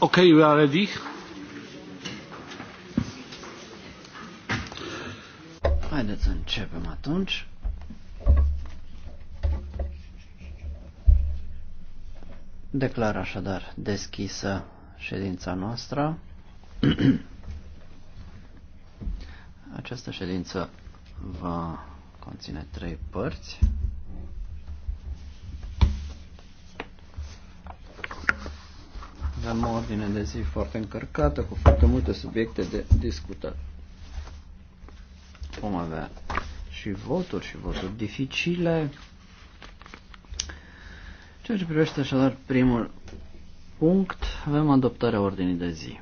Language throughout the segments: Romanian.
Okay, we are ready. Haideți să începem atunci. Declar așadar deschisă ședința noastră. Această ședință va conține trei părți. Avem o ordine de zi foarte încărcată, cu foarte multe subiecte de discutat. Vom avea și voturi și voturi dificile. Ceea ce privește așadar primul punct, avem adoptarea ordinii de zi.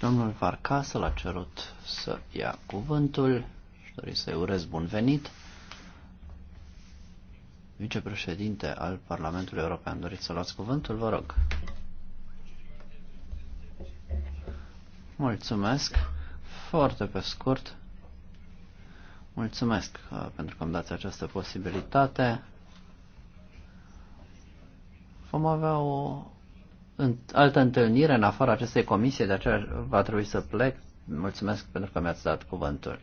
Domnul Varcasă l-a cerut să ia cuvântul și dori să-i urez bun venit vicepreședinte al Parlamentului European. Doriți să luați cuvântul? Vă rog. Mulțumesc. Foarte pe scurt. Mulțumesc uh, pentru că îmi dați această posibilitate. Vom avea o altă întâlnire în afara acestei comisie, de aceea va trebui să plec. Mulțumesc pentru că mi-ați dat cuvântul.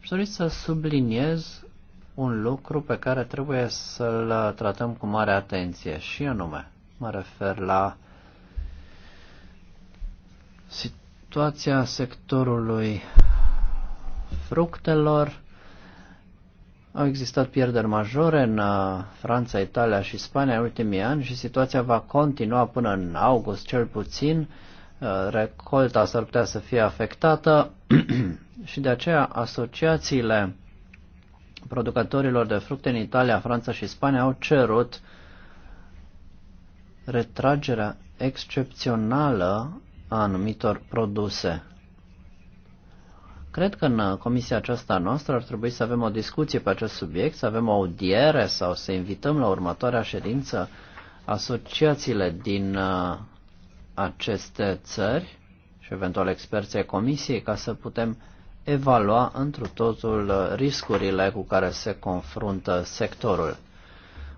Și doriți să subliniez un lucru pe care trebuie să-l tratăm cu mare atenție și anume, mă refer la situația sectorului fructelor. Au existat pierderi majore în uh, Franța, Italia și Spania în ultimii ani și situația va continua până în august cel puțin. Uh, recolta s-ar putea să fie afectată și de aceea asociațiile producătorilor de fructe în Italia, Franța și Spania au cerut retragerea excepțională a anumitor produse. Cred că în comisia aceasta noastră ar trebui să avem o discuție pe acest subiect, să avem o audiere sau să invităm la următoarea ședință asociațiile din uh, aceste țări și eventual experții comisiei ca să putem evalua întru totul riscurile cu care se confruntă sectorul.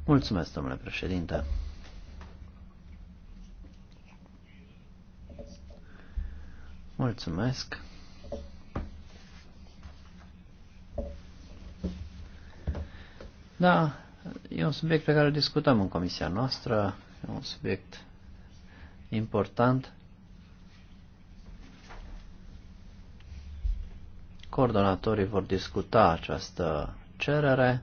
Mulțumesc, domnule președinte. Mulțumesc. Da, e un subiect pe care îl discutăm în comisia noastră, e un subiect important. Coordonatorii vor discuta această cerere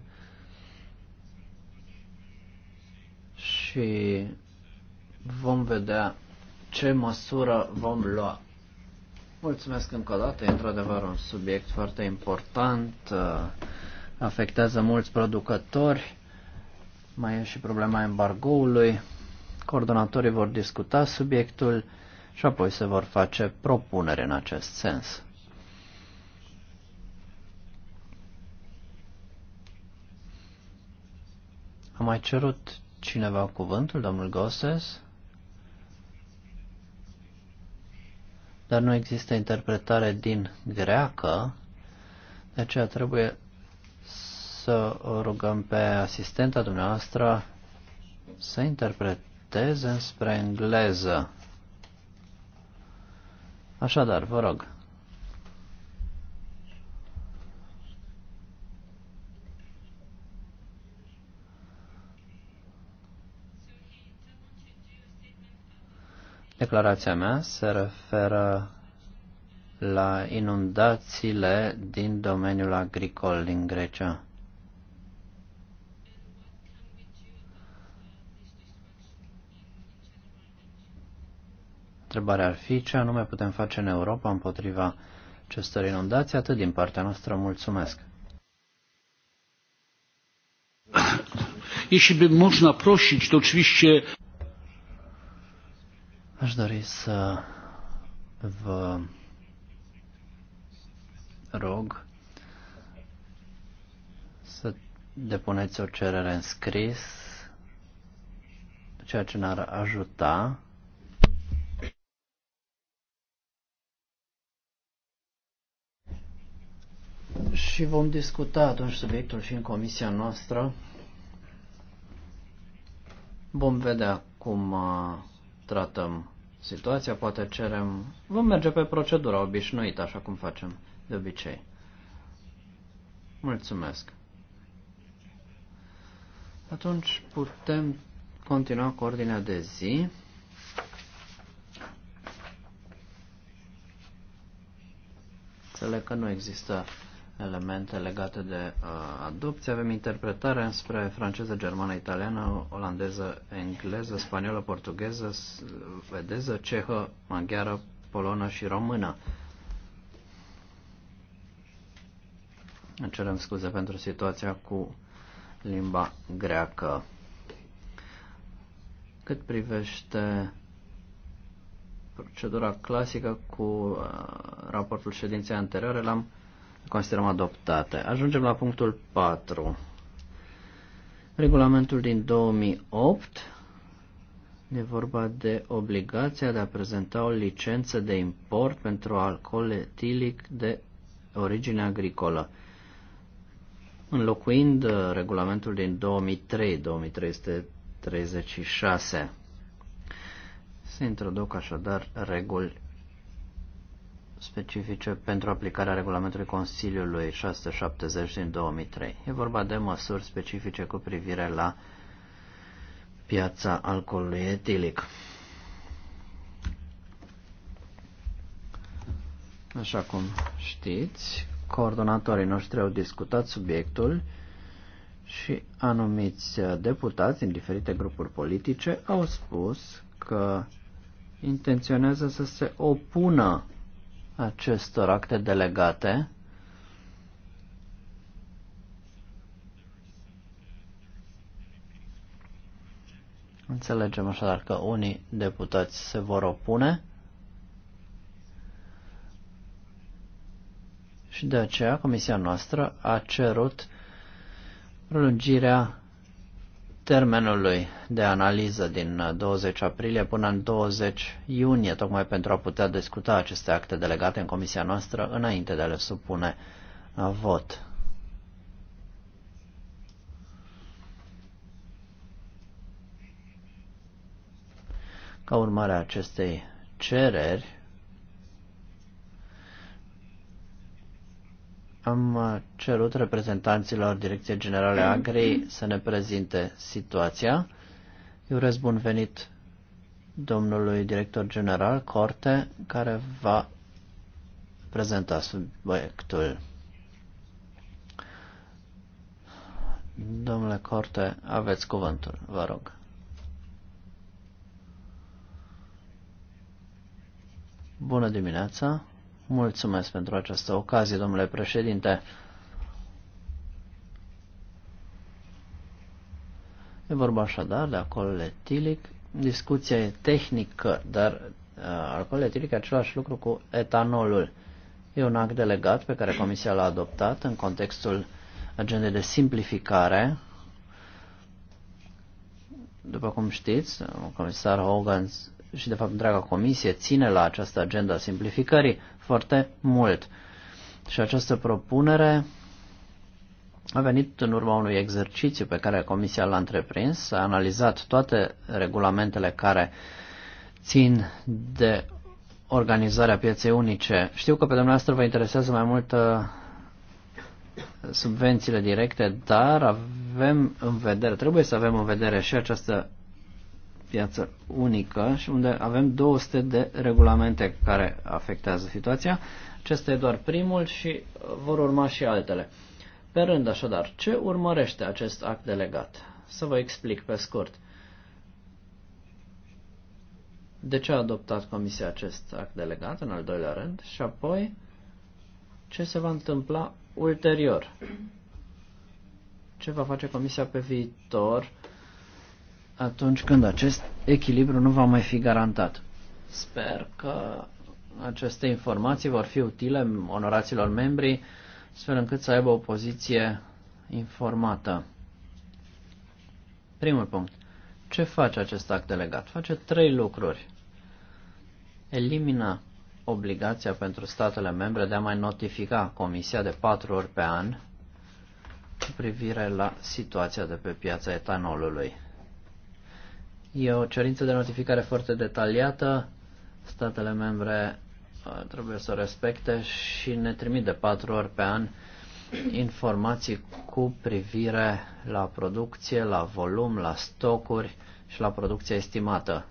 și vom vedea ce măsură vom lua. Mulțumesc încă o dată, e într-adevăr un subiect foarte important, uh, afectează mulți producători, mai e și problema embargoului, coordonatorii vor discuta subiectul și apoi se vor face propuneri în acest sens. A mai cerut cineva cuvântul, domnul Goses? Dar nu există interpretare din greacă, de aceea trebuie să o rugăm pe asistenta dumneavoastră să interpreteze spre engleză. Așadar, vă rog. Declarația mea se referă la inundațiile din domeniul agricol din Grecia. Întrebarea ar fi ce anume putem face în Europa împotriva acestor inundații. Atât din partea noastră, mulțumesc. Jeśli by można prosić, to oczywiście Aș dori să vă rog să depuneți o cerere în scris, ceea ce ne-ar ajuta și vom discuta atunci subiectul și în comisia noastră. Vom vedea cum uh, tratăm situația, poate cerem, vom merge pe procedura obișnuită, așa cum facem de obicei. Mulțumesc. Atunci putem continua cu ordinea de zi. Înțeleg că nu există elemente legate de uh, adopție. Avem interpretare spre franceză, germană, italiană, olandeză, engleză, spaniolă, portugheză, vedeză, cehă, maghiară, polonă și română. Cerem scuze pentru situația cu limba greacă. Cât privește procedura clasică cu uh, raportul ședinței anterioare, l-am considerăm adoptate. Ajungem la punctul 4. Regulamentul din 2008 ne vorba de obligația de a prezenta o licență de import pentru alcool etilic de origine agricolă. Înlocuind uh, regulamentul din 2003-2336, se introduc așadar reguli specifice pentru aplicarea regulamentului Consiliului 670 din 2003. E vorba de măsuri specifice cu privire la piața alcoolului etilic. Așa cum știți, coordonatorii noștri au discutat subiectul și anumiți deputați din diferite grupuri politice au spus că intenționează să se opună acestor acte delegate. Înțelegem așadar că unii deputați se vor opune și de aceea comisia noastră a cerut prelungirea termenului de analiză din 20 uh, aprilie până în 20 iunie, tocmai pentru a putea discuta aceste acte delegate în comisia noastră înainte de a le supune uh, vot. Ca urmare a acestei cereri, Am uh, cerut reprezentanților Direcției Generale Agri să ne prezinte situația. Eu urez bun venit domnului director general Corte, care va prezenta subiectul. Domnule Corte, aveți cuvântul, vă rog. Bună dimineața! Mulțumesc pentru această ocazie, domnule președinte. E vorba așadar de acolo etilic. Discuția e tehnică, dar uh, alcool etilic e același lucru cu etanolul. E un act delegat pe care Comisia l-a adoptat în contextul agendei de simplificare. După cum știți, comisar Hogan și de fapt întreaga comisie ține la această agenda simplificării foarte mult. Și această propunere a venit în urma unui exercițiu pe care comisia l-a întreprins, a analizat toate regulamentele care țin de organizarea pieței unice. Știu că pe dumneavoastră vă interesează mai mult uh, subvențiile directe, dar avem în vedere, trebuie să avem în vedere și această piață unică și unde avem 200 de regulamente care afectează situația. Acesta e doar primul și uh, vor urma și altele. Pe rând, așadar, ce urmărește acest act delegat? Să vă explic pe scurt. De ce a adoptat Comisia acest act delegat, în al doilea rând, și apoi ce se va întâmpla ulterior? Ce va face Comisia pe viitor atunci când acest echilibru nu va mai fi garantat. Sper că aceste informații vor fi utile onoraților membri, astfel încât să aibă o poziție informată. Primul punct. Ce face acest act delegat? Face trei lucruri. Elimină obligația pentru statele membre de a mai notifica Comisia de patru ori pe an cu privire la situația de pe piața etanolului. E o cerință de notificare foarte detaliată. Statele membre uh, trebuie să o respecte și ne trimit de patru ori pe an informații cu privire la producție, la volum, la stocuri și la producția estimată.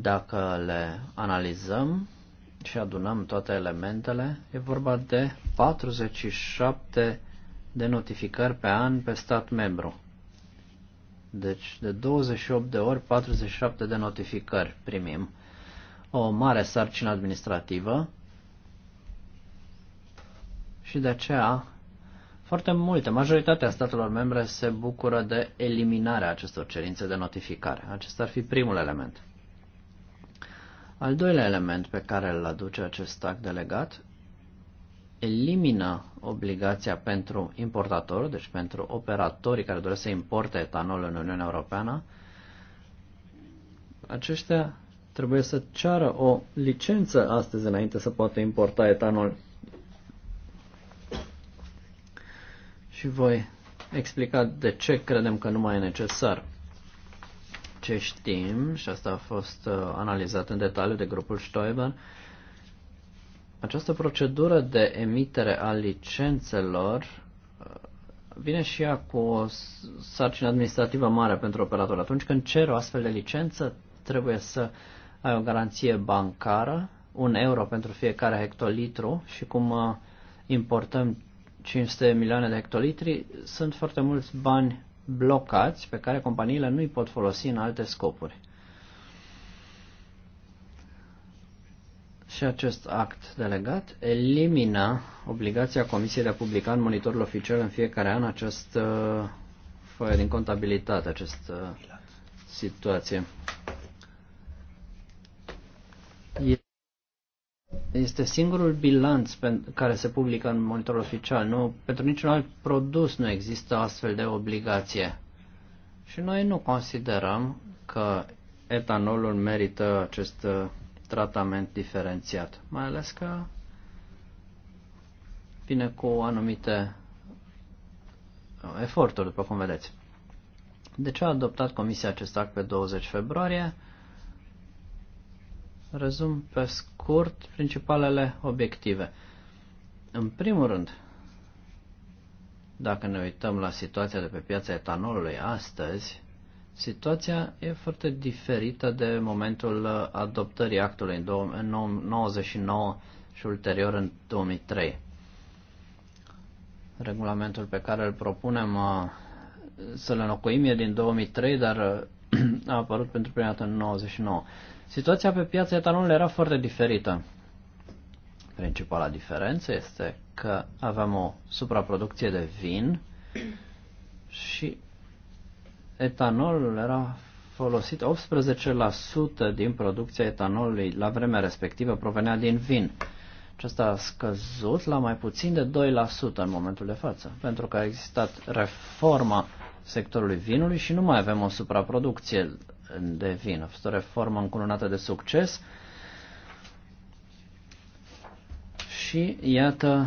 Dacă le analizăm și adunăm toate elementele, e vorba de 47 de notificări pe an pe stat membru. Deci de 28 de ori 47 de notificări primim. O mare sarcină administrativă și de aceea foarte multe, majoritatea statelor membre se bucură de eliminarea acestor cerințe de notificare. Acesta ar fi primul element. Al doilea element pe care îl aduce acest act delegat elimină obligația pentru importator, deci pentru operatorii care doresc să importe etanol în Uniunea Europeană, aceștia trebuie să ceară o licență astăzi înainte să poată importa etanol. Și voi explica de ce credem că nu mai e necesar. Ce știm, și asta a fost uh, analizat în detaliu de grupul Stoiber, această procedură de emitere a licențelor uh, vine și ea cu o sarcină administrativă mare pentru operator. Atunci când cer o astfel de licență, trebuie să ai o garanție bancară, un euro pentru fiecare hectolitru și cum uh, importăm 500 milioane de hectolitri, sunt foarte mulți bani blocați pe care companiile nu îi pot folosi în alte scopuri. Și acest act delegat elimină obligația Comisiei de a publica în monitorul oficial în fiecare an acest uh, foaie din contabilitate, această uh, situație. Este singurul bilanț care se publică în monitorul oficial. Nu, pentru niciun alt produs nu există astfel de obligație. Și noi nu considerăm că etanolul merită acest uh, tratament diferențiat, mai ales că vine cu anumite uh, eforturi, după cum vedeți. De ce a adoptat Comisia acest act pe 20 februarie? Rezum pe scurt principalele obiective. În primul rând, dacă ne uităm la situația de pe piața etanolului astăzi, Situația e foarte diferită de momentul uh, adoptării actului în 1999 și ulterior în 2003. Regulamentul pe care îl propunem uh, să-l înlocuim e din 2003, dar uh, a apărut pentru prima dată în 1999. Situația pe piața etanolului era foarte diferită. Principala diferență este că aveam o supraproducție de vin și etanolul era folosit 18% din producția etanolului la vremea respectivă provenea din vin. Acesta a scăzut la mai puțin de 2% în momentul de față, pentru că a existat reforma sectorului vinului și nu mai avem o supraproducție de vin. A fost o reformă încununată de succes și, iată,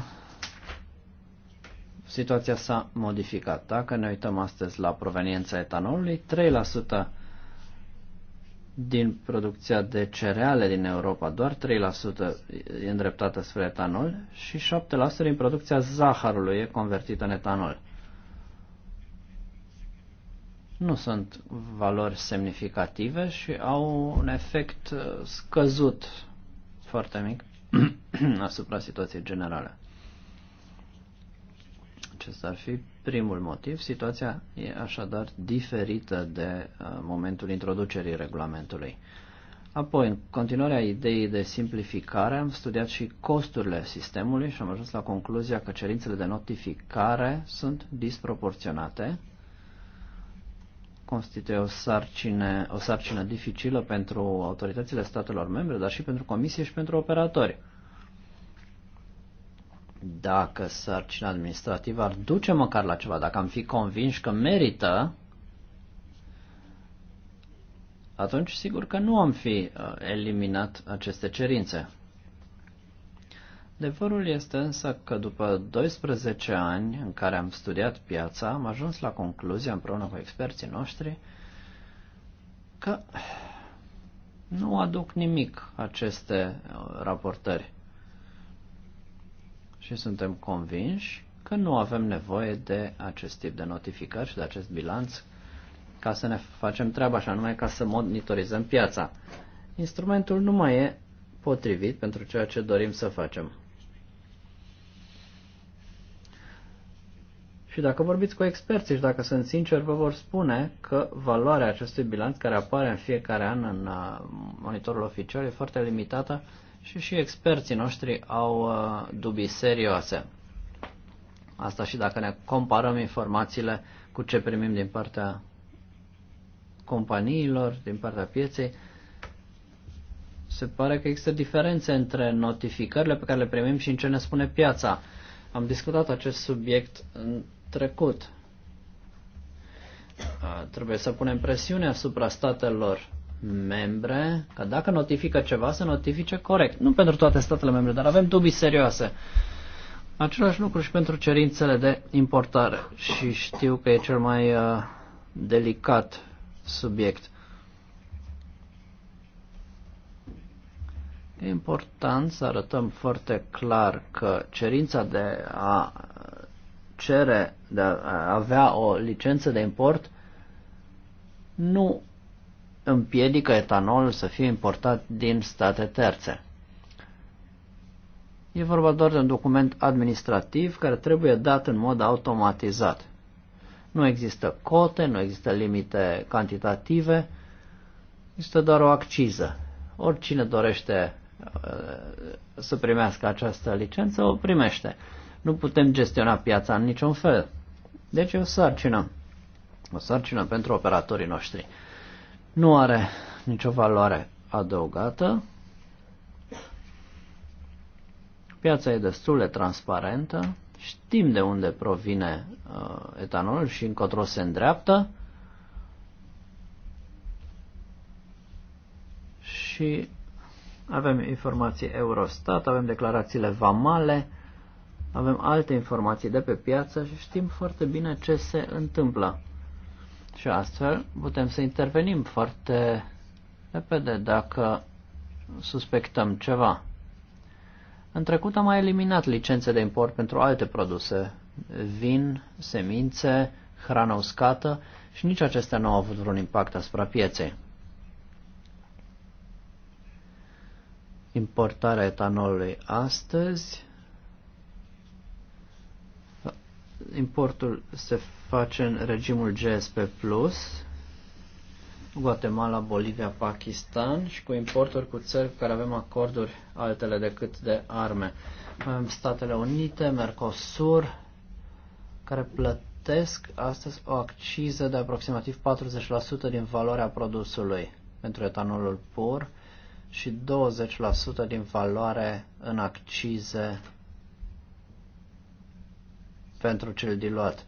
situația s-a modificat. Dacă ne uităm astăzi la proveniența etanolului, 3% din producția de cereale din Europa, doar 3% e îndreptată spre etanol și 7% din producția zahărului e convertită în etanol. Nu sunt valori semnificative și au un efect uh, scăzut foarte mic asupra situației generale. Acesta ar fi primul motiv. Situația e așadar diferită de uh, momentul introducerii regulamentului. Apoi, în continuarea ideii de simplificare, am studiat și costurile sistemului și am ajuns la concluzia că cerințele de notificare sunt disproporționate, constituie o sarcină, o sarcină dificilă pentru autoritățile statelor membre, dar și pentru comisie și pentru operatori dacă sarcina administrativă ar duce măcar la ceva, dacă am fi convinși că merită, atunci sigur că nu am fi uh, eliminat aceste cerințe. Adevărul este însă că după 12 ani în care am studiat piața, am ajuns la concluzia împreună cu experții noștri că nu aduc nimic aceste uh, raportări și suntem convinși că nu avem nevoie de acest tip de notificări și de acest bilanț ca să ne facem treaba și numai ca să monitorizăm piața. Instrumentul nu mai e potrivit pentru ceea ce dorim să facem. Și dacă vorbiți cu experții și dacă sunt sinceri, vă vor spune că valoarea acestui bilanț care apare în fiecare an în uh, monitorul oficial e foarte limitată și și experții noștri au uh, dubii serioase. Asta și dacă ne comparăm informațiile cu ce primim din partea companiilor, din partea pieței, se pare că există diferențe între notificările pe care le primim și în ce ne spune piața. Am discutat acest subiect în trecut. Uh, trebuie să punem presiune asupra statelor membre că dacă notifică ceva să notifice corect. Nu pentru toate statele membre, dar avem dubii serioase. Același lucru și pentru cerințele de importare și știu că e cel mai uh, delicat subiect. E important să arătăm foarte clar că cerința de a cere, de a avea o licență de import nu împiedică etanolul să fie importat din state terțe. E vorba doar de un document administrativ care trebuie dat în mod automatizat. Nu există cote, nu există limite cantitative, există doar o acciză. Oricine dorește uh, să primească această licență, o primește. Nu putem gestiona piața în niciun fel. Deci e o sarcină. O sarcină pentru operatorii noștri nu are nicio valoare adăugată. Piața e destul de transparentă, știm de unde provine uh, etanolul și încotro se îndreaptă și avem informații Eurostat, avem declarațiile vamale, avem alte informații de pe piață și știm foarte bine ce se întâmplă. Și astfel putem să intervenim foarte repede dacă suspectăm ceva. În trecut am mai eliminat licențe de import pentru alte produse, vin, semințe, hrană uscată și nici acestea nu au avut vreun impact asupra pieței. Importarea etanolului astăzi Importul se face în regimul GSP+, plus Guatemala, Bolivia, Pakistan și cu importuri cu țări cu care avem acorduri altele decât de arme. Avem Statele Unite, Mercosur, care plătesc astăzi o acciză de aproximativ 40% din valoarea produsului pentru etanolul pur și 20% din valoare în accize pentru cel diluat.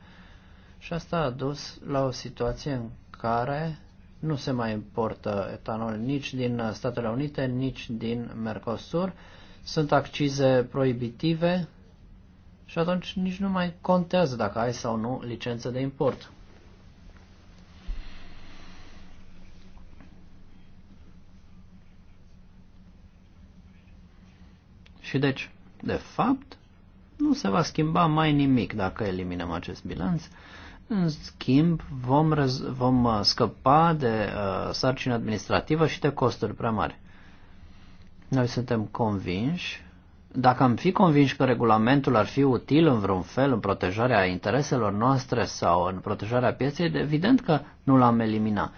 Și asta a dus la o situație în care nu se mai importă etanol nici din Statele Unite, nici din Mercosur. Sunt accize proibitive și atunci nici nu mai contează dacă ai sau nu licență de import. Și deci, de fapt, nu se va schimba mai nimic dacă eliminăm acest bilanț. În schimb, vom, vom uh, scăpa de uh, sarcină administrativă și de costuri prea mari. Noi suntem convinși, dacă am fi convinși că regulamentul ar fi util în vreun fel în protejarea intereselor noastre sau în protejarea pieței, evident că nu l-am eliminat.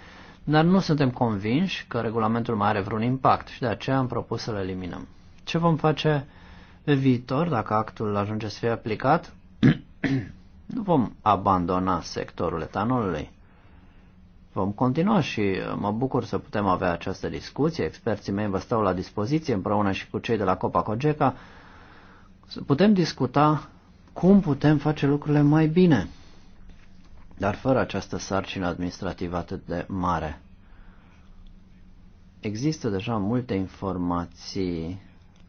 Dar nu suntem convinși că regulamentul mai are vreun impact și de aceea am propus să-l eliminăm. Ce vom face uh, pe viitor, dacă actul ajunge să fie aplicat, nu vom abandona sectorul etanolului. Vom continua și uh, mă bucur să putem avea această discuție. Experții mei vă stau la dispoziție împreună și cu cei de la Copa Cogeca. Să putem discuta cum putem face lucrurile mai bine, dar fără această sarcină administrativă atât de mare. Există deja multe informații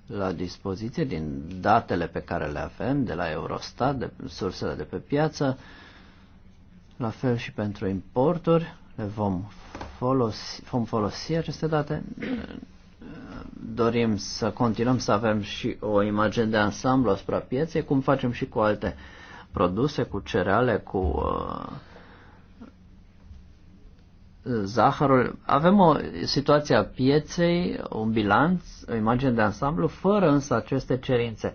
la dispoziție din datele pe care le avem de la Eurostat, de sursele de pe piață, la fel și pentru importuri, le vom folosi, vom folosi aceste date. Dorim să continuăm să avem și o imagine de ansamblu asupra pieței, cum facem și cu alte produse, cu cereale, cu uh, zahărul. Avem o situație a pieței, un bilanț, o imagine de ansamblu, fără însă aceste cerințe.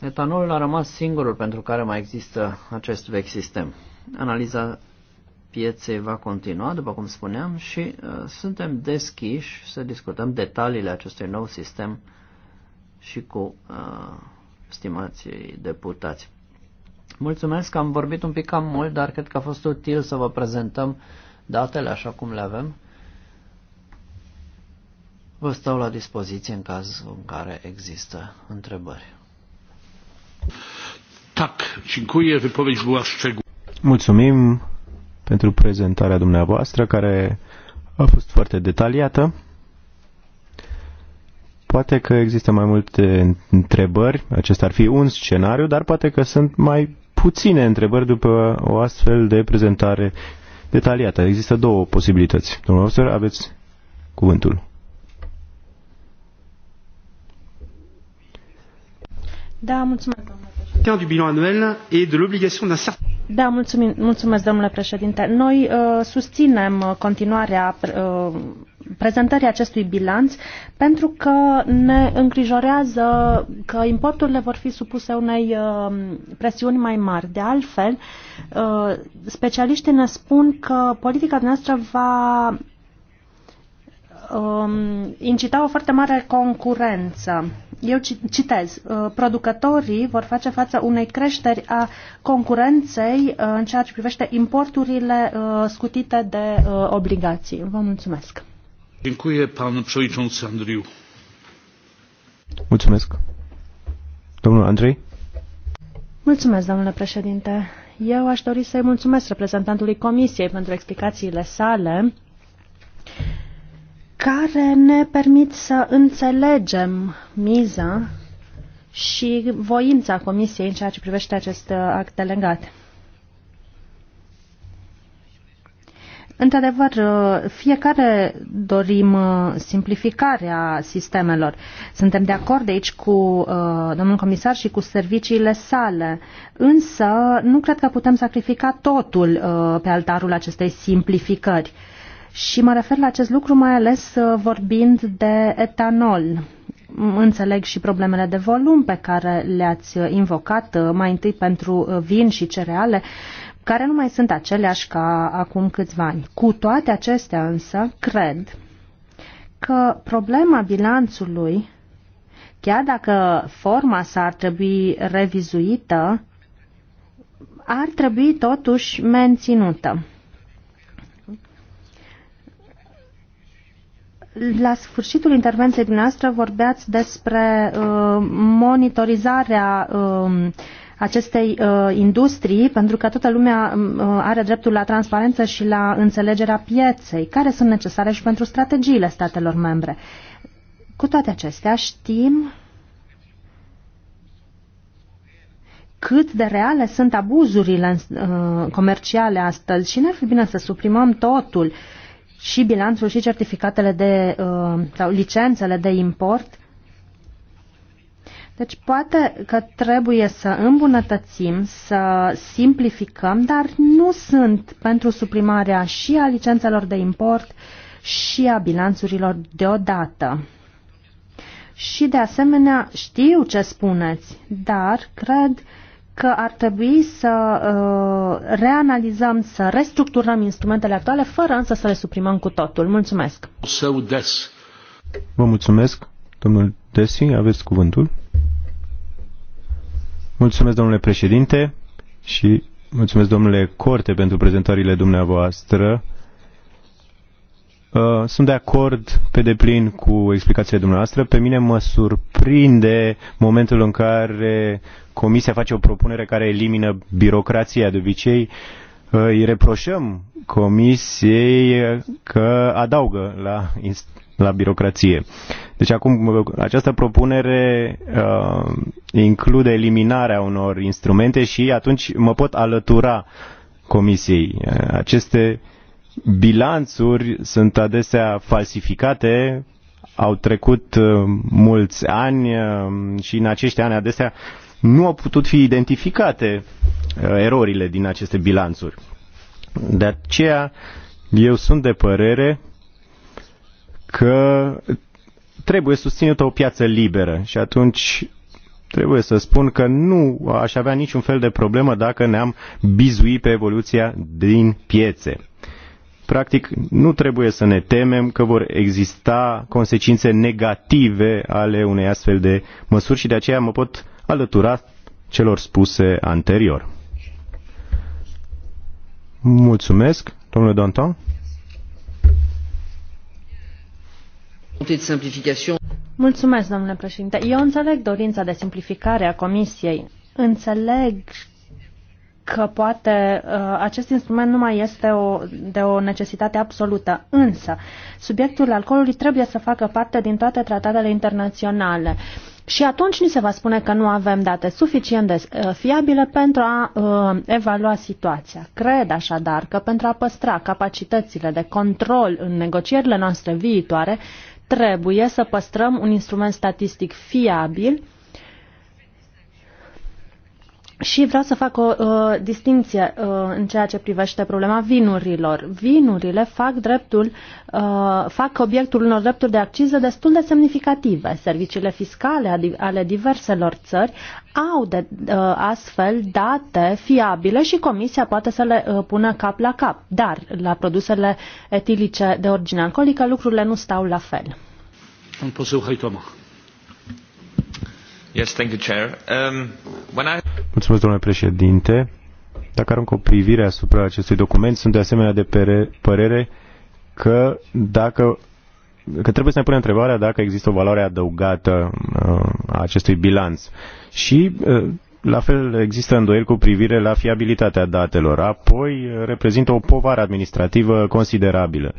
Etanolul a rămas singurul pentru care mai există acest vechi sistem. Analiza pieței va continua, după cum spuneam, și uh, suntem deschiși să discutăm detaliile acestui nou sistem și cu uh, stimații deputați. Mulțumesc că am vorbit un pic cam mult, dar cred că a fost util să vă prezentăm datele așa cum le avem. Vă stau la dispoziție în caz în care există întrebări. Tak, dziękuję. Wypowiedź była Mulțumim pentru prezentarea dumneavoastră, care a fost foarte detaliată. Poate că există mai multe întrebări, acesta ar fi un scenariu, dar poate că sunt mai puține întrebări după o astfel de prezentare detaliată. Există două posibilități. Domnul profesor, aveți cuvântul. Da, mulțumesc, domnule du bilan annuel et de l'obligation d'un certain da, mulțumim, mulțumesc, domnule președinte. Noi uh, susținem uh, continuarea uh, prezentării acestui bilanț pentru că ne îngrijorează că importurile vor fi supuse unei uh, presiuni mai mari. De altfel, uh, specialiștii ne spun că politica noastră va uh, incita o foarte mare concurență eu citez, uh, producătorii vor face față unei creșteri a concurenței uh, în ceea ce privește importurile uh, scutite de obligații. Vă mulțumesc. Dziękuję panu przewodniczący Andriu. Mulțumesc. Domnul Andrei? Mulțumesc, domnule președinte. Eu aș dori să-i mulțumesc reprezentantului Comisiei pentru explicațiile sale care ne permit să înțelegem miza și voința Comisiei în ceea ce privește acest uh, act delegat. Într-adevăr, uh, fiecare dorim uh, simplificarea sistemelor. Suntem de acord aici cu uh, domnul comisar și cu serviciile sale, însă nu cred că putem sacrifica totul uh, pe altarul acestei simplificări. Uh, și mă refer la acest lucru mai ales uh, vorbind de etanol. Înțeleg și problemele de volum pe care le-ați uh, invocat uh, mai întâi pentru vin și cereale, care nu mai sunt aceleași ca acum câțiva ani. Cu toate acestea însă, cred că problema bilanțului, chiar dacă forma s ar trebui revizuită, ar trebui totuși menținută. la sfârșitul intervenției dumneavoastră vorbeați despre uh, monitorizarea uh, acestei uh, industrii, pentru că toată lumea um, uh, are dreptul la transparență și la înțelegerea pieței, care sunt necesare și pentru strategiile statelor membre. Cu toate acestea, știm cât de reale sunt abuzurile uh, comerciale astăzi și n-ar fi bine să suprimăm totul. Uh, și bilanțul și certificatele de, uh, sau licențele de import. Deci poate că trebuie să îmbunătățim, să simplificăm, dar nu sunt pentru suprimarea și a licențelor de import și a bilanțurilor deodată. Și de asemenea știu ce spuneți, dar cred că ar trebui să uh, reanalizăm, să restructurăm instrumentele actuale, fără însă să le suprimăm cu totul. Mulțumesc! Vă mulțumesc, domnul Desi, aveți cuvântul. Mulțumesc, domnule președinte, și mulțumesc, domnule Corte, pentru prezentările dumneavoastră. Uh, sunt de acord pe deplin cu explicațiile dumneavoastră. Pe mine mă surprinde momentul în care Comisia face o propunere care elimină birocrația de obicei, îi reproșăm Comisiei că adaugă la, la birocrație. Deci acum această propunere uh, include eliminarea unor instrumente și atunci mă pot alătura Comisiei. Aceste bilanțuri sunt adesea falsificate, au trecut uh, mulți ani uh, și în acești ani adesea uh, nu au putut fi identificate uh, erorile din aceste bilanțuri. De aceea eu sunt de părere că trebuie susținută o piață liberă și atunci trebuie să spun că nu aș avea niciun fel de problemă dacă ne-am bizui pe evoluția din piețe. Practic, nu trebuie să ne temem că vor exista consecințe negative ale unei astfel de măsuri și de aceea mă pot alătura celor spuse anterior. Mulțumesc, domnule Danton. Mulțumesc, domnule președinte. Eu înțeleg dorința de simplificare a Comisiei. Înțeleg că poate uh, acest instrument nu mai este o, de o necesitate absolută, însă subiectul alcoolului trebuie să facă parte din toate tratatele internaționale. Uh, și atunci ni se va spune că nu avem date suficient de uh, fiabile pentru a uh, evalua situația. Cred așadar că pentru a păstra capacitățile de control în negocierile noastre viitoare, trebuie să păstrăm un instrument statistic fiabil și vreau să fac o uh, distinție uh, în ceea ce privește problema vinurilor. Vinurile fac dreptul, uh, fac obiectul unor drepturi de acciză destul de semnificative. Serviciile fiscale ale diverselor țări au de, uh, astfel date fiabile și comisia poate să le uh, pună cap la cap. Dar la produsele etilice de origine alcoolică lucrurile nu stau la fel. Un poseu, hai, Um, Mulțumesc, domnule președinte. Dacă arunc o privire asupra acestui document, sunt de asemenea de părere că dacă că trebuie să ne punem întrebarea dacă există o valoare adăugată uh, a acestui bilanț. Și uh, la fel există îndoieli cu privire la fiabilitatea datelor. Apoi uh, reprezintă o povară administrativă considerabilă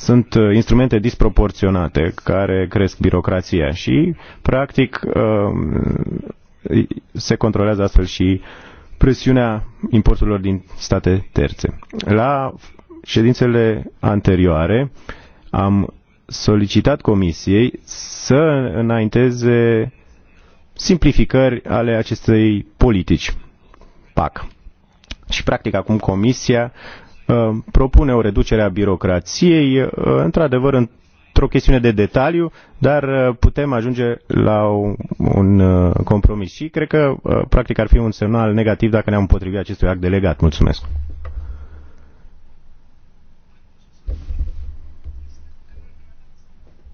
sunt uh, instrumente disproporționate care cresc birocrația și, practic, uh, se controlează astfel și presiunea importurilor din state terțe. La ședințele anterioare am solicitat Comisiei să înainteze simplificări ale acestei politici, PAC. Și, practic, acum Comisia Uh, propune o reducere a birocrației, uh, într-adevăr, într-o chestiune de detaliu, dar uh, putem ajunge la un compromis și cred că, practic, ar fi un semnal negativ dacă ne-am împotrivit acestui act delegat. Mulțumesc.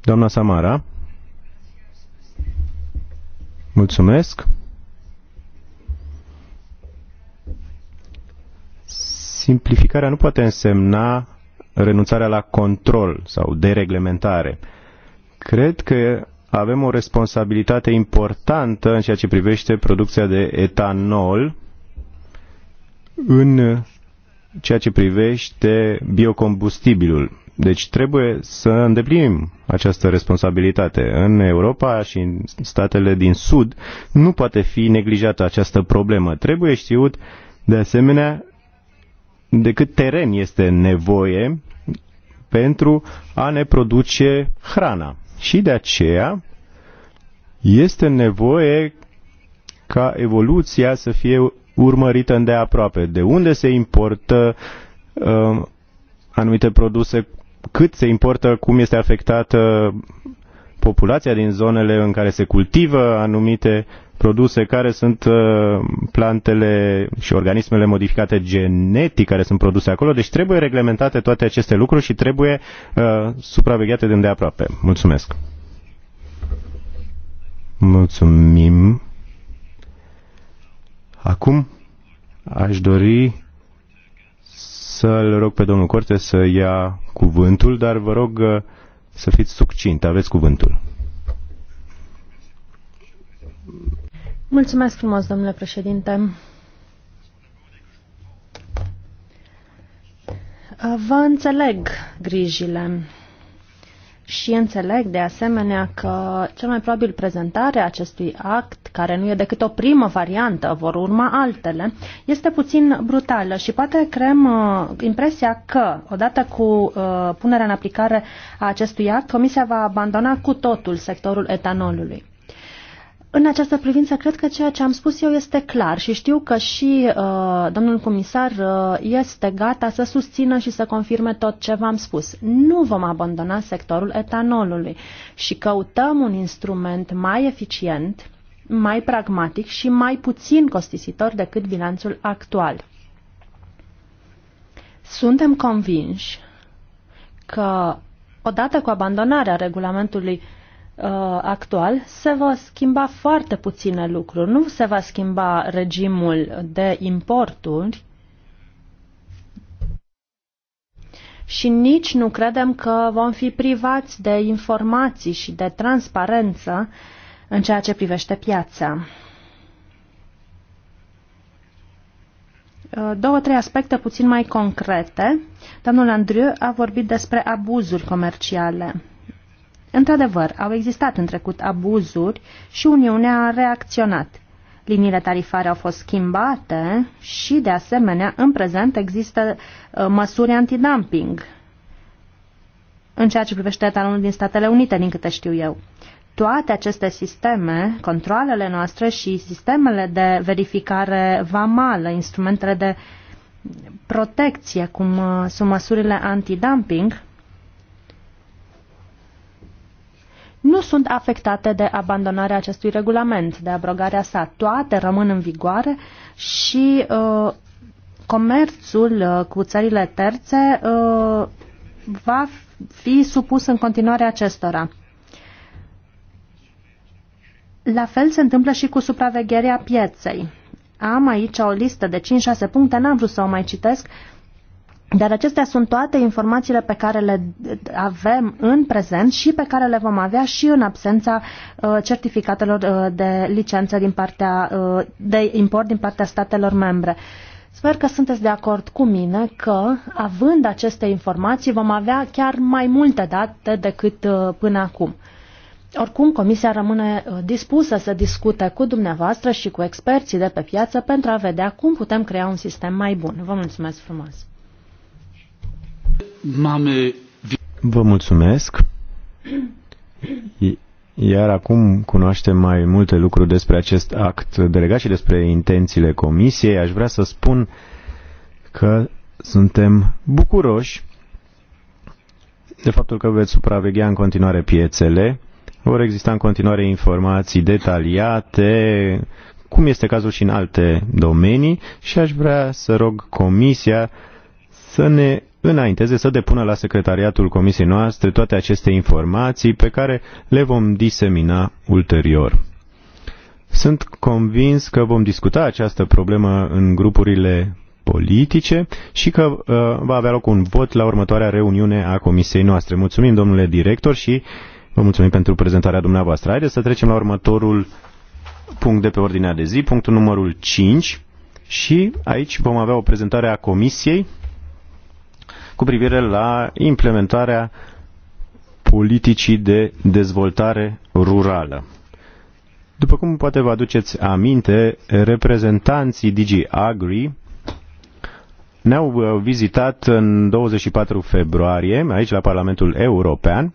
Doamna Samara. Mulțumesc. simplificarea nu poate însemna renunțarea la control sau dereglementare. Cred că avem o responsabilitate importantă în ceea ce privește producția de etanol în ceea ce privește biocombustibilul. Deci trebuie să îndeplinim această responsabilitate. În Europa și în statele din Sud nu poate fi neglijată această problemă. Trebuie știut de asemenea de cât teren este nevoie pentru a ne produce hrana. Și de aceea este nevoie ca evoluția să fie urmărită îndeaproape. De unde se importă uh, anumite produse, cât se importă, cum este afectată populația din zonele în care se cultivă anumite produse care sunt uh, plantele și organismele modificate genetic care sunt produse acolo. Deci trebuie reglementate toate aceste lucruri și trebuie uh, supravegheate de îndeaproape. Mulțumesc! Mulțumim! Acum aș dori să-l rog pe domnul Corte să ia cuvântul, dar vă rog uh, să fiți succint, aveți cuvântul. Mulțumesc frumos, domnule președinte. Vă înțeleg grijile și înțeleg de asemenea că cel mai probabil prezentarea acestui act, care nu e decât o primă variantă, vor urma altele, este puțin brutală și poate creăm uh, impresia că, odată cu uh, punerea în aplicare a acestui act, Comisia va abandona cu totul sectorul etanolului. În această privință, cred că ceea ce am spus eu este clar și știu că și uh, domnul comisar uh, este gata să susțină și să confirme tot ce v-am spus. Nu vom abandona sectorul etanolului și căutăm un instrument mai eficient, mai pragmatic și mai puțin costisitor decât bilanțul actual. Suntem convinși că odată cu abandonarea regulamentului uh, Uh, actual se va schimba foarte puține lucruri. Nu se va schimba regimul de importuri și nici nu credem că vom fi privați de informații și de transparență în ceea ce privește piața. Uh, două, trei aspecte puțin mai concrete. Domnul Andrieu a vorbit despre abuzuri comerciale. Într-adevăr, au existat în trecut abuzuri și Uniunea a reacționat. Liniile tarifare au fost schimbate și, de asemenea, în prezent există uh, măsuri antidumping în ceea ce privește etalonul din Statele Unite, din câte știu eu. Toate aceste sisteme, controlele noastre și sistemele de verificare vamală, instrumentele de protecție, cum uh, sunt măsurile antidumping, nu sunt afectate de abandonarea acestui regulament, de abrogarea sa. Toate rămân în vigoare și uh, comerțul uh, cu țările terțe uh, va fi supus în continuare acestora. La fel se întâmplă și cu supravegherea pieței. Am aici o listă de 5-6 puncte, n-am vrut să o mai citesc, uh, dar acestea sunt toate informațiile pe care le avem în prezent și pe care le vom avea și în absența uh, certificatelor uh, de licență din partea, uh, de import din partea statelor membre. Sper că sunteți de acord cu mine că, având aceste informații, vom avea chiar mai multe date decât până acum. Oricum, Comisia rămâne dispusă să discute cu dumneavoastră și cu experții de pe piață pentru a vedea cum putem crea un sistem mai bun. Vă mulțumesc frumos! Vă mulțumesc. Iar acum cunoaștem mai multe lucruri despre acest act delegat și despre intențiile comisiei. Aș vrea să spun că suntem bucuroși de faptul că veți supraveghea în continuare piețele, vor exista în continuare informații detaliate, cum este cazul și în alte domenii și aș vrea să rog Comisia să ne înainteze să depună la secretariatul comisiei noastre toate aceste informații pe care le vom disemina ulterior. Sunt convins că vom discuta această problemă în grupurile politice și că uh, va avea loc un vot la următoarea reuniune a comisiei noastre. Mulțumim, domnule director, și vă mulțumim pentru prezentarea dumneavoastră. Haideți să trecem la următorul punct de pe ordinea de zi, punctul numărul 5, și aici vom avea o prezentare a comisiei cu privire la implementarea politicii de dezvoltare rurală. După cum poate vă aduceți aminte, reprezentanții DG Agri ne-au uh, vizitat în 24 februarie aici la Parlamentul European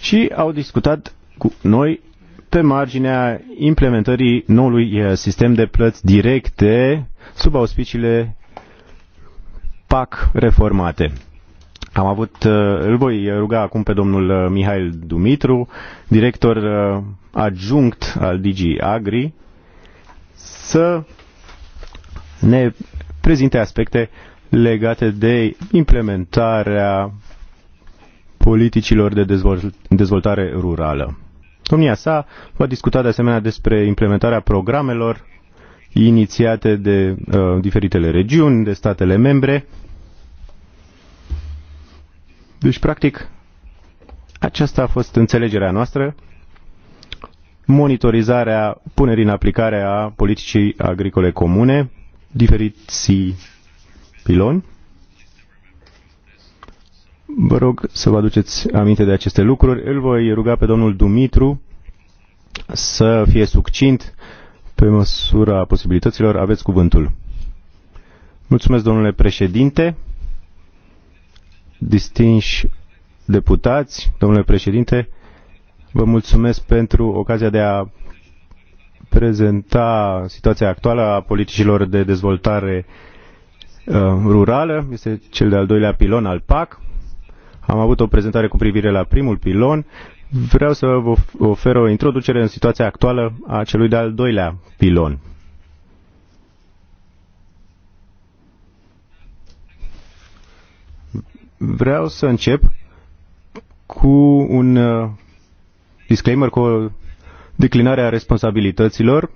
și au discutat cu noi pe marginea implementării noului uh, sistem de plăți directe sub auspiciile PAC reformate. Am avut, uh, îl voi ruga acum pe domnul uh, Mihail Dumitru, director uh, adjunct al DG Agri, să ne prezinte aspecte legate de implementarea politicilor de dezvoltare rurală. Domnia sa va discuta de asemenea despre implementarea programelor inițiate de uh, diferitele regiuni, de statele membre, deci, practic, aceasta a fost înțelegerea noastră, monitorizarea punerii în aplicare a politicii agricole comune, diferiții piloni. Vă rog să vă aduceți aminte de aceste lucruri. Îl voi ruga pe domnul Dumitru să fie succint pe măsura posibilităților. Aveți cuvântul. Mulțumesc, domnule președinte distinși deputați, domnule președinte, vă mulțumesc pentru ocazia de a prezenta situația actuală a politicilor de dezvoltare uh, rurală. Este cel de-al doilea pilon al PAC. Am avut o prezentare cu privire la primul pilon. Vreau să vă ofer o introducere în situația actuală a celui de-al doilea pilon. Vreau să încep cu un uh, disclaimer, cu o declinare a responsabilităților.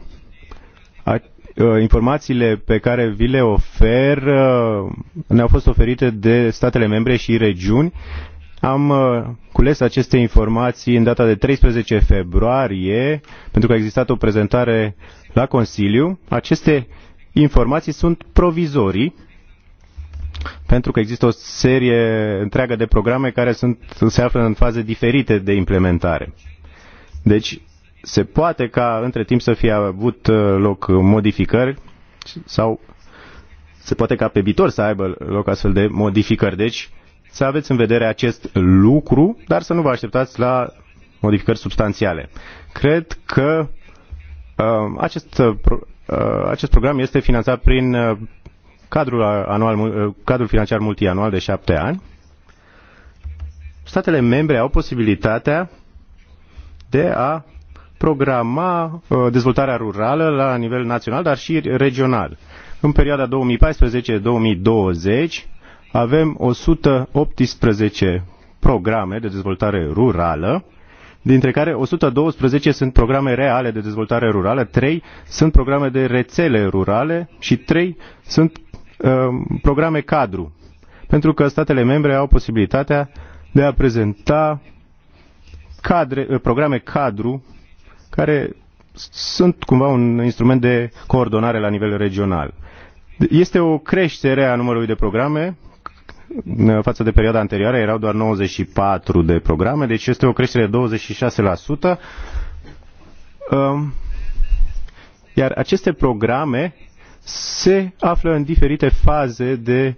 A, uh, informațiile pe care vi le ofer uh, ne-au fost oferite de statele membre și regiuni. Am cules aceste informații în data de 13 februarie, pentru că a existat o prezentare la Consiliu. Aceste informații sunt provizorii pentru că există o serie întreagă de programe care sunt, se află în faze diferite de implementare. Deci, se poate ca între timp să fie avut uh, loc modificări sau se poate ca pe viitor să aibă loc astfel de modificări. Deci, să aveți în vedere acest lucru, dar să nu vă așteptați la modificări substanțiale. Cred că uh, acest, uh, uh acest program este finanțat prin uh, cadrul, anual, ă, cadrul financiar multianual de șapte ani, statele membre au posibilitatea de a programa ă, dezvoltarea rurală la nivel național, dar și regional. În perioada 2014-2020 avem 118 programe de dezvoltare rurală, dintre care 112 sunt programe reale de dezvoltare rurală, 3 sunt programe de rețele rurale și 3 sunt Um, programe cadru, pentru că statele membre au posibilitatea de a prezenta cadre, uh, programe cadru care sunt cumva un instrument de coordonare la nivel regional. Este o creștere a numărului de programe uh, față de perioada anterioară, erau doar 94 de programe, deci este o creștere de 26%. Um, iar aceste programe se află în diferite faze de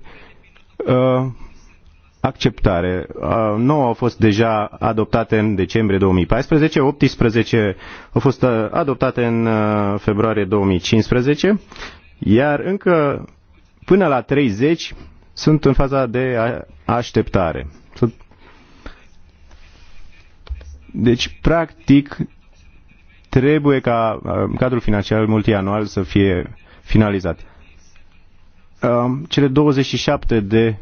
uh, acceptare. Uh, 9 au fost deja adoptate în decembrie 2014, 18 au fost uh, adoptate în uh, februarie 2015, iar încă până la 30 sunt în faza de așteptare. Deci, practic, trebuie ca uh, cadrul financiar multianual să fie finalizat. Cele 27 de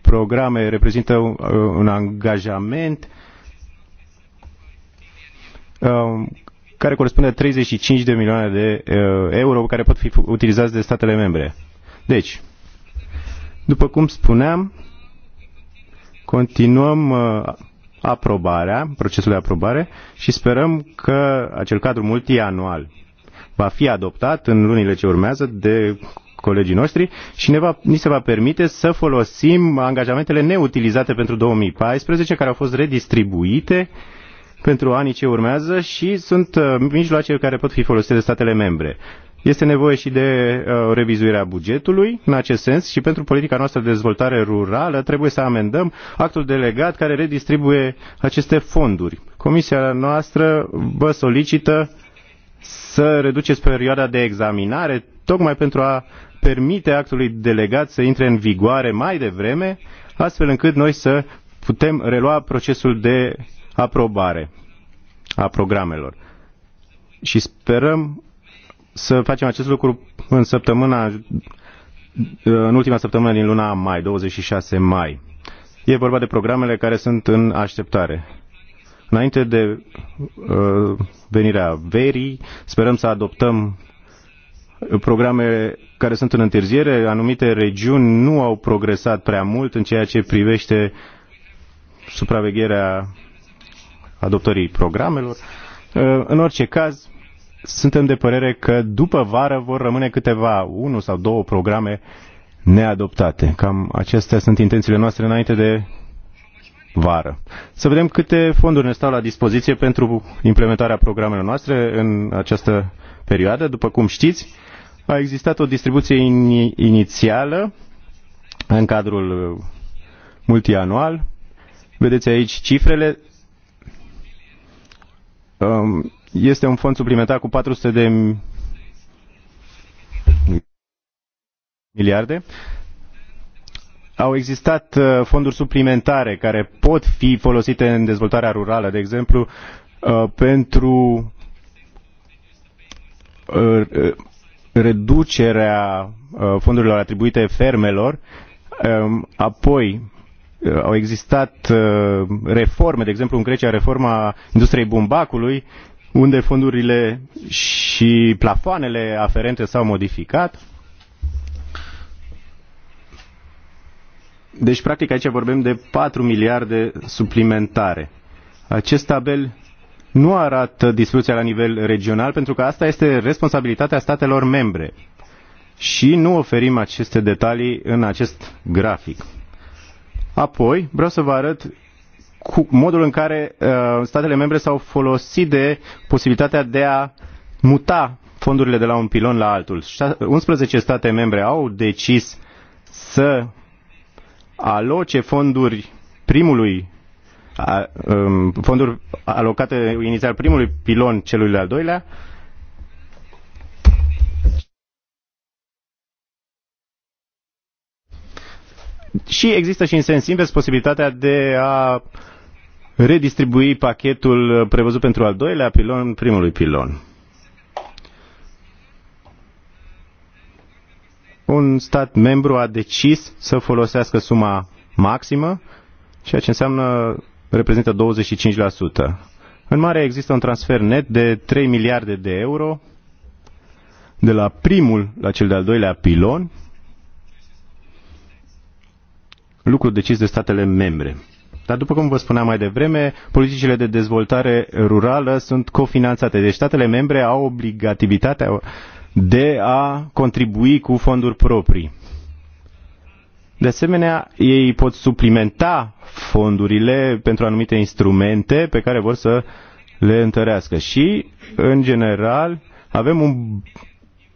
programe reprezintă uh, un angajament um, care corespunde 35 de milioane de uh, euro care pot fi utilizați de statele membre. Deci, după cum spuneam, continuăm uh, aprobarea, procesul de aprobare și sperăm că acel cadru multianual va fi adoptat în lunile ce urmează de colegii noștri și ne va, ni se va permite să folosim angajamentele neutilizate pentru 2014 care au fost redistribuite pentru anii ce urmează și sunt uh, mijloace care pot fi folosite de statele membre. Este nevoie și de uh, revizuirea bugetului în acest sens și pentru politica noastră de dezvoltare rurală trebuie să amendăm actul delegat care redistribuie aceste fonduri. Comisia noastră vă solicită să reduceți perioada de examinare tocmai pentru a permite actului delegat să intre în vigoare mai devreme, astfel încât noi să putem relua procesul de aprobare a programelor. Și sperăm să facem acest lucru în săptămâna în ultima săptămână din luna mai, 26 mai. E vorba de programele care sunt în așteptare. Înainte de uh, venirea verii, sperăm să adoptăm programe care sunt în întârziere. Anumite regiuni nu au progresat prea mult în ceea ce privește supravegherea adoptării programelor. Uh, în orice caz, suntem de părere că după vară vor rămâne câteva, unu sau două programe neadoptate. Cam acestea sunt intențiile noastre înainte de vară. Să vedem câte fonduri ne stau la dispoziție pentru implementarea programelor noastre în această perioadă. După cum știți, a existat o distribuție in, inițială în cadrul multianual. Vedeți aici cifrele. Um, este un fond suplimentar cu 400 de miliarde au existat uh, fonduri suplimentare care pot fi folosite în dezvoltarea rurală, de exemplu, uh, pentru uh, reducerea fondurilor atribuite fermelor, um, apoi au existat reforme, de exemplu în Grecia reforma industriei bumbacului, unde fondurile și plafoanele aferente s-au modificat Deci, practic, aici vorbim de 4 miliarde suplimentare. Acest tabel nu arată distribuția la nivel regional, pentru că asta este responsabilitatea statelor membre. Și nu oferim aceste detalii în acest grafic. Apoi, vreau să vă arăt cu modul în care uh, statele membre s-au folosit de posibilitatea de a muta fondurile de la un pilon la altul. 11 state membre au decis să aloce fonduri primului a, um, fonduri alocate inițial primului pilon celui al doilea și există și în sens invers posibilitatea de a redistribui pachetul prevăzut pentru al doilea pilon primului pilon. un stat membru a decis să folosească suma maximă, ceea ce înseamnă reprezintă 25%. În mare există un transfer net de 3 miliarde de euro de la primul la cel de-al doilea pilon, lucru decis de statele membre. Dar după cum vă spuneam mai devreme, politicile de dezvoltare rurală sunt cofinanțate. Deci statele membre au obligativitatea de a contribui cu fonduri proprii. De asemenea, ei pot suplimenta fondurile pentru anumite instrumente pe care vor să le întărească. Și, în general, avem un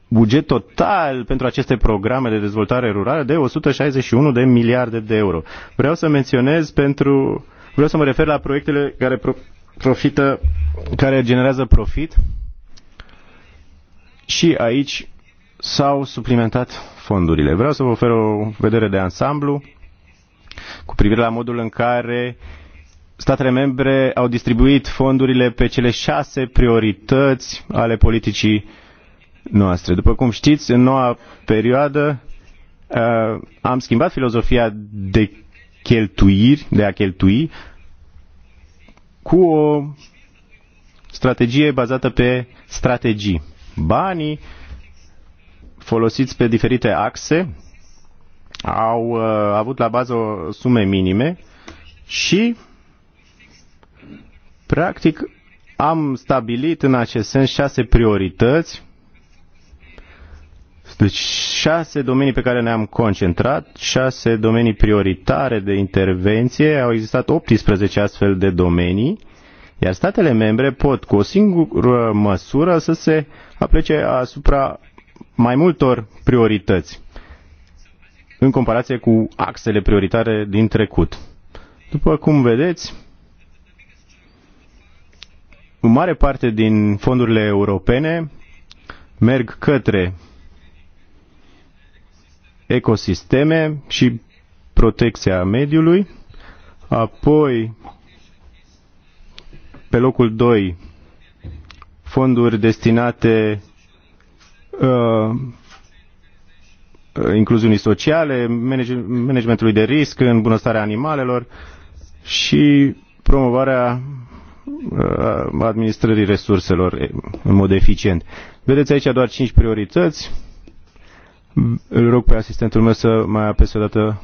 buget total pentru aceste programe de dezvoltare rurală de 161 de miliarde de euro. Vreau să menționez pentru. Vreau să mă refer la proiectele care pro, profită, care generează profit și aici s-au suplimentat fondurile. Vreau să vă ofer o vedere de ansamblu cu privire la modul în care statele membre au distribuit fondurile pe cele șase priorități ale politicii noastre. După cum știți, în noua perioadă uh, am schimbat filozofia de cheltuiri, de a cheltui, cu o strategie bazată pe strategii. Banii folosiți pe diferite axe au uh, avut la bază o sume minime și practic am stabilit în acest sens șase priorități deci șase domenii pe care ne-am concentrat, șase domenii prioritare de intervenție, au existat 18 astfel de domenii iar statele membre pot cu o singură măsură să se aplece asupra mai multor priorități în comparație cu axele prioritare din trecut. După cum vedeți, o mare parte din fondurile europene merg către ecosisteme și protecția mediului, apoi pe locul 2, fonduri destinate uh, incluziunii sociale, managementului de risc, în bunăstarea animalelor și promovarea uh, administrării resurselor în mod eficient. Vedeți aici doar 5 priorități. Îl rog pe asistentul meu să mai apese o dată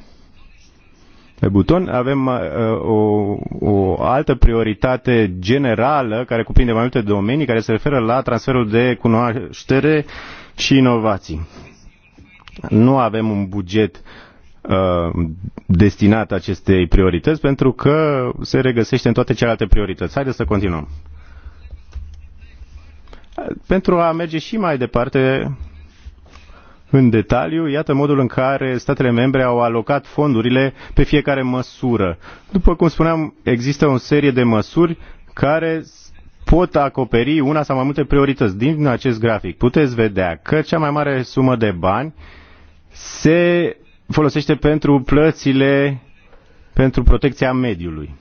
pe buton. Avem uh, o, o altă prioritate generală care cuprinde mai multe domenii, care se referă la transferul de cunoaștere și inovații. Nu avem un buget uh, destinat acestei priorități pentru că se regăsește în toate celelalte priorități. Haideți să continuăm. Pentru a merge și mai departe, în detaliu, iată modul în care statele membre au alocat fondurile pe fiecare măsură. După cum spuneam, există o serie de măsuri care pot acoperi una sau mai multe priorități. Din acest grafic puteți vedea că cea mai mare sumă de bani se folosește pentru plățile pentru protecția mediului.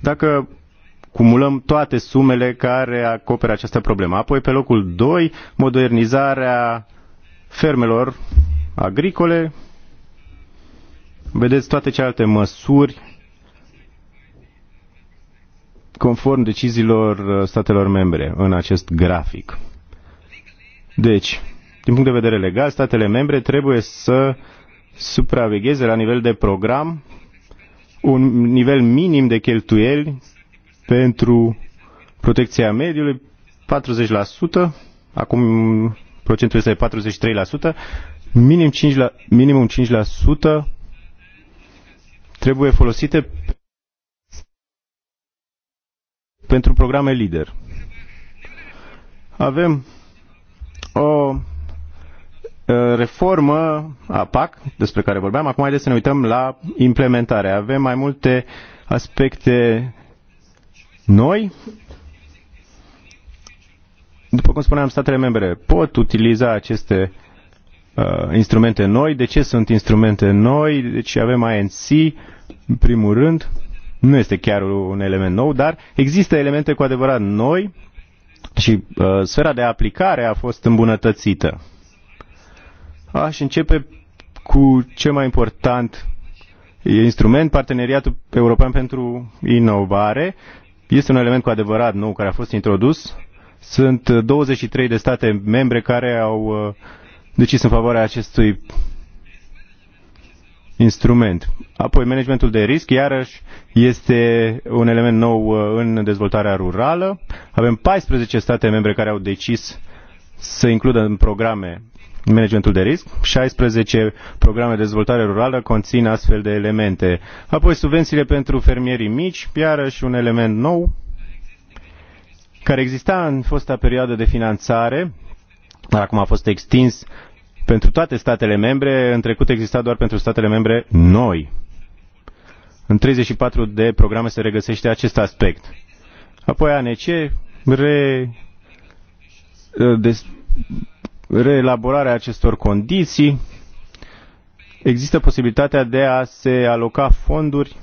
Dacă cumulăm toate sumele care acoperă această problemă. Apoi, pe locul 2, modernizarea fermelor agricole. Vedeți toate celelalte măsuri conform deciziilor uh, statelor membre în acest grafic. Deci, din punct de vedere legal, statele membre trebuie să supravegheze la nivel de program un nivel minim de cheltuieli pentru protecția mediului, 40%, acum procentul este de 43%, minim 5 la, minimum 5% trebuie folosite pentru programe lider. Avem o reformă a PAC, despre care vorbeam, acum haideți să ne uităm la implementare. Avem mai multe aspecte noi după cum spuneam, statele membre pot utiliza aceste uh, instrumente noi. De ce sunt instrumente noi? Deci avem ANC, în primul rând. Nu este chiar un element nou, dar există elemente cu adevărat noi și uh, sfera de aplicare a fost îmbunătățită. Aș începe cu ce mai important instrument, Parteneriatul European pentru Inovare. Este un element cu adevărat nou care a fost introdus sunt 23 uh, de state membre care au uh, decis în favoarea acestui instrument. Apoi, managementul de risc, iarăși, este un element nou uh, în dezvoltarea rurală. Avem 14 state membre care au decis să includă în programe managementul de risc. 16 programe de dezvoltare rurală conțin astfel de elemente. Apoi, subvențiile pentru fermierii mici, iarăși un element nou care exista în fosta perioadă de finanțare, dar acum a fost extins pentru toate statele membre, în trecut exista doar pentru statele membre noi. În 34 de programe se regăsește acest aspect. Apoi ANC re, des, reelaborarea acestor condiții, există posibilitatea de a se aloca fonduri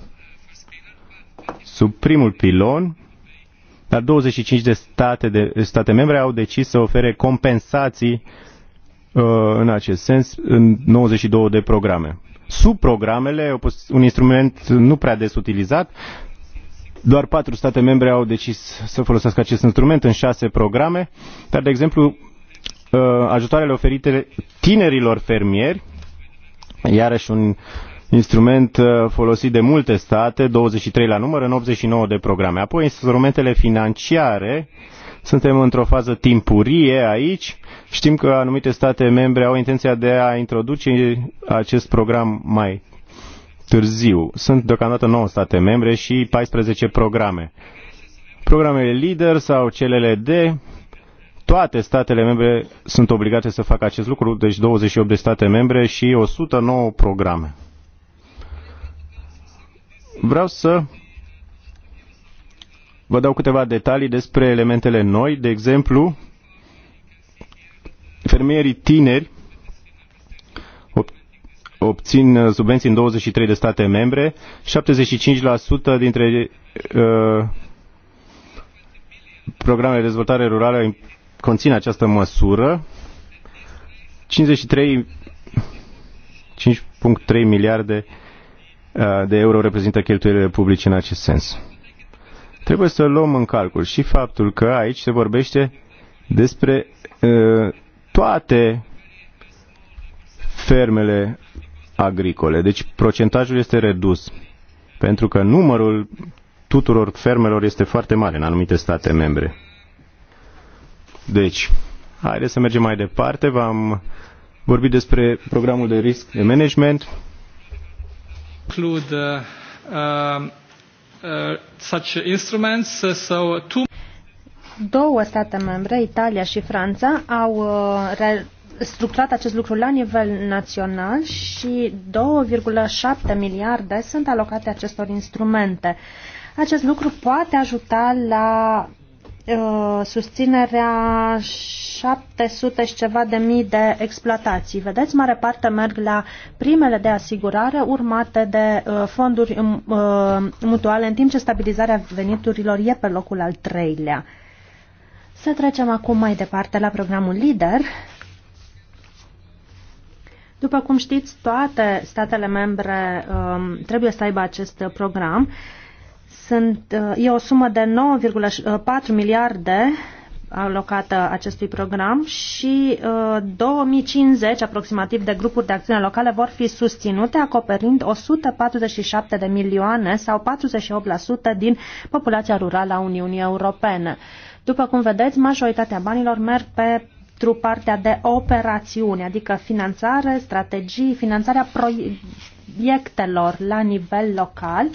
sub primul pilon dar 25 de state, de state membre au decis să ofere compensații uh, în acest sens în 92 de programe. Sub programele, un instrument nu prea des utilizat, doar patru state membre au decis să folosească acest instrument în șase programe, dar, de exemplu, uh, ajutoarele oferite tinerilor fermieri, iarăși un instrument uh, folosit de multe state, 23 la număr, în 89 de programe. Apoi instrumentele financiare, suntem într-o fază timpurie aici. Știm că anumite state membre au intenția de a introduce acest program mai târziu. Sunt deocamdată 9 state membre și 14 programe. Programele LEADER sau celele de toate statele membre sunt obligate să facă acest lucru, deci 28 de state membre și 109 programe. Vreau să vă dau câteva detalii despre elementele noi, de exemplu, fermierii tineri obțin subvenții în 23 de state membre, 75% dintre uh, programele de dezvoltare rurală conțin această măsură, 53 5.3 miliarde Uh, de euro reprezintă cheltuielile publice în acest sens. Trebuie să luăm în calcul și faptul că aici se vorbește despre uh, toate fermele agricole. Deci procentajul este redus pentru că numărul tuturor fermelor este foarte mare în anumite state membre. Deci, haideți să mergem mai departe. V-am vorbit despre programul de risc de management include uh, um, uh, such instruments. Uh, so two Două state membre, Italia și Franța, au uh, structurat acest lucru la nivel național și 2,7 miliarde sunt alocate acestor instrumente. Acest lucru poate ajuta la Uh, susținerea 700 și ceva de mii de exploatații. Vedeți, mare parte merg la primele de asigurare urmate de uh, fonduri um, uh, mutuale, în timp ce stabilizarea veniturilor e pe locul al treilea. Să trecem acum mai departe la programul LIDER. După cum știți, toate statele membre um, trebuie să aibă acest program. Uh, sunt, e o sumă de 9,4 uh, miliarde alocată acestui program și uh, 2050 aproximativ de grupuri de acțiune locale vor fi susținute, acoperind 147 de milioane sau 48% din populația rurală a Uniunii Europene. După cum vedeți, majoritatea banilor merg pe pentru partea de operațiuni, adică finanțare, strategii, finanțarea proiectelor la nivel local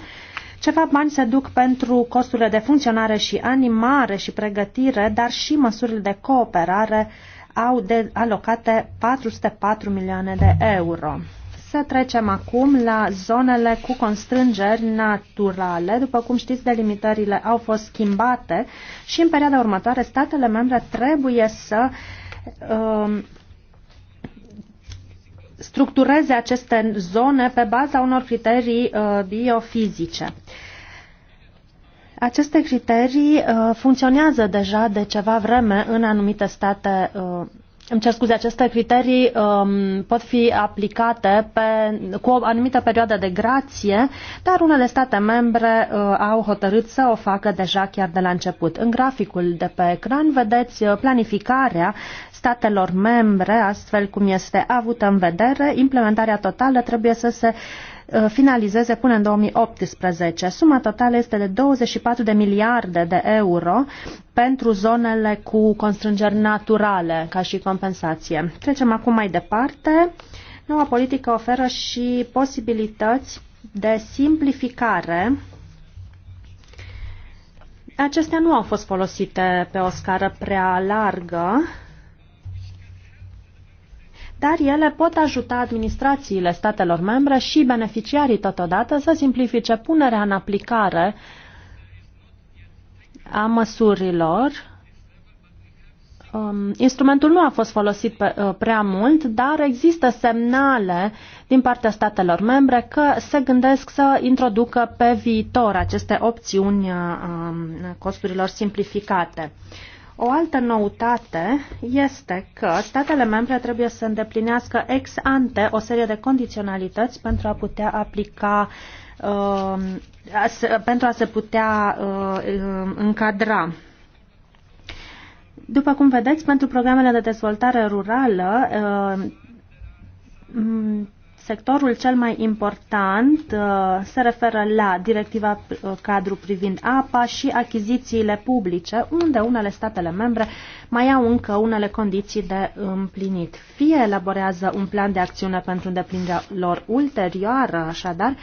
ceva bani se duc pentru costurile de funcționare și animare și pregătire, dar și măsurile de cooperare au de alocate 404 milioane de euro. Să trecem acum la zonele cu constrângeri naturale. După cum știți, delimitările au fost schimbate și în perioada următoare statele membre trebuie să um, structureze aceste zone pe baza unor criterii uh, biofizice. Aceste criterii uh, funcționează deja de ceva vreme în anumite state uh, îmi cer scuze, aceste criterii um, pot fi aplicate pe, cu o anumită perioadă de grație, dar unele state membre uh, au hotărât să o facă deja chiar de la început. În graficul de pe ecran vedeți uh, planificarea statelor membre, astfel cum este avută în vedere. Implementarea totală trebuie să se uh, Uh, finalizeze până în 2018. Suma totală este de 24 de miliarde de euro pentru zonele cu constrângeri naturale ca și compensație. Trecem acum mai departe. Noua politică oferă și posibilități de simplificare acestea nu au fost folosite pe o scară prea largă dar ele pot ajuta administrațiile statelor membre și beneficiarii totodată să simplifice punerea în aplicare a măsurilor. Um, instrumentul nu a fost folosit pe, uh, prea mult, dar există semnale din partea statelor membre că se gândesc să introducă pe viitor aceste opțiuni uh, um, costurilor simplificate. O altă noutate este că statele membre trebuie să îndeplinească ex ante o serie de condiționalități pentru a putea aplica um, pentru a se putea uh, încadra după cum vedeți, pentru programele de dezvoltare rurală, uh, Sectorul cel mai important uh, se referă la directiva uh, cadru privind apa și achizițiile publice, unde unele statele membre mai au încă unele condiții de împlinit. Fie elaborează un plan de acțiune pentru îndeplinirea lor ulterioară, așadar,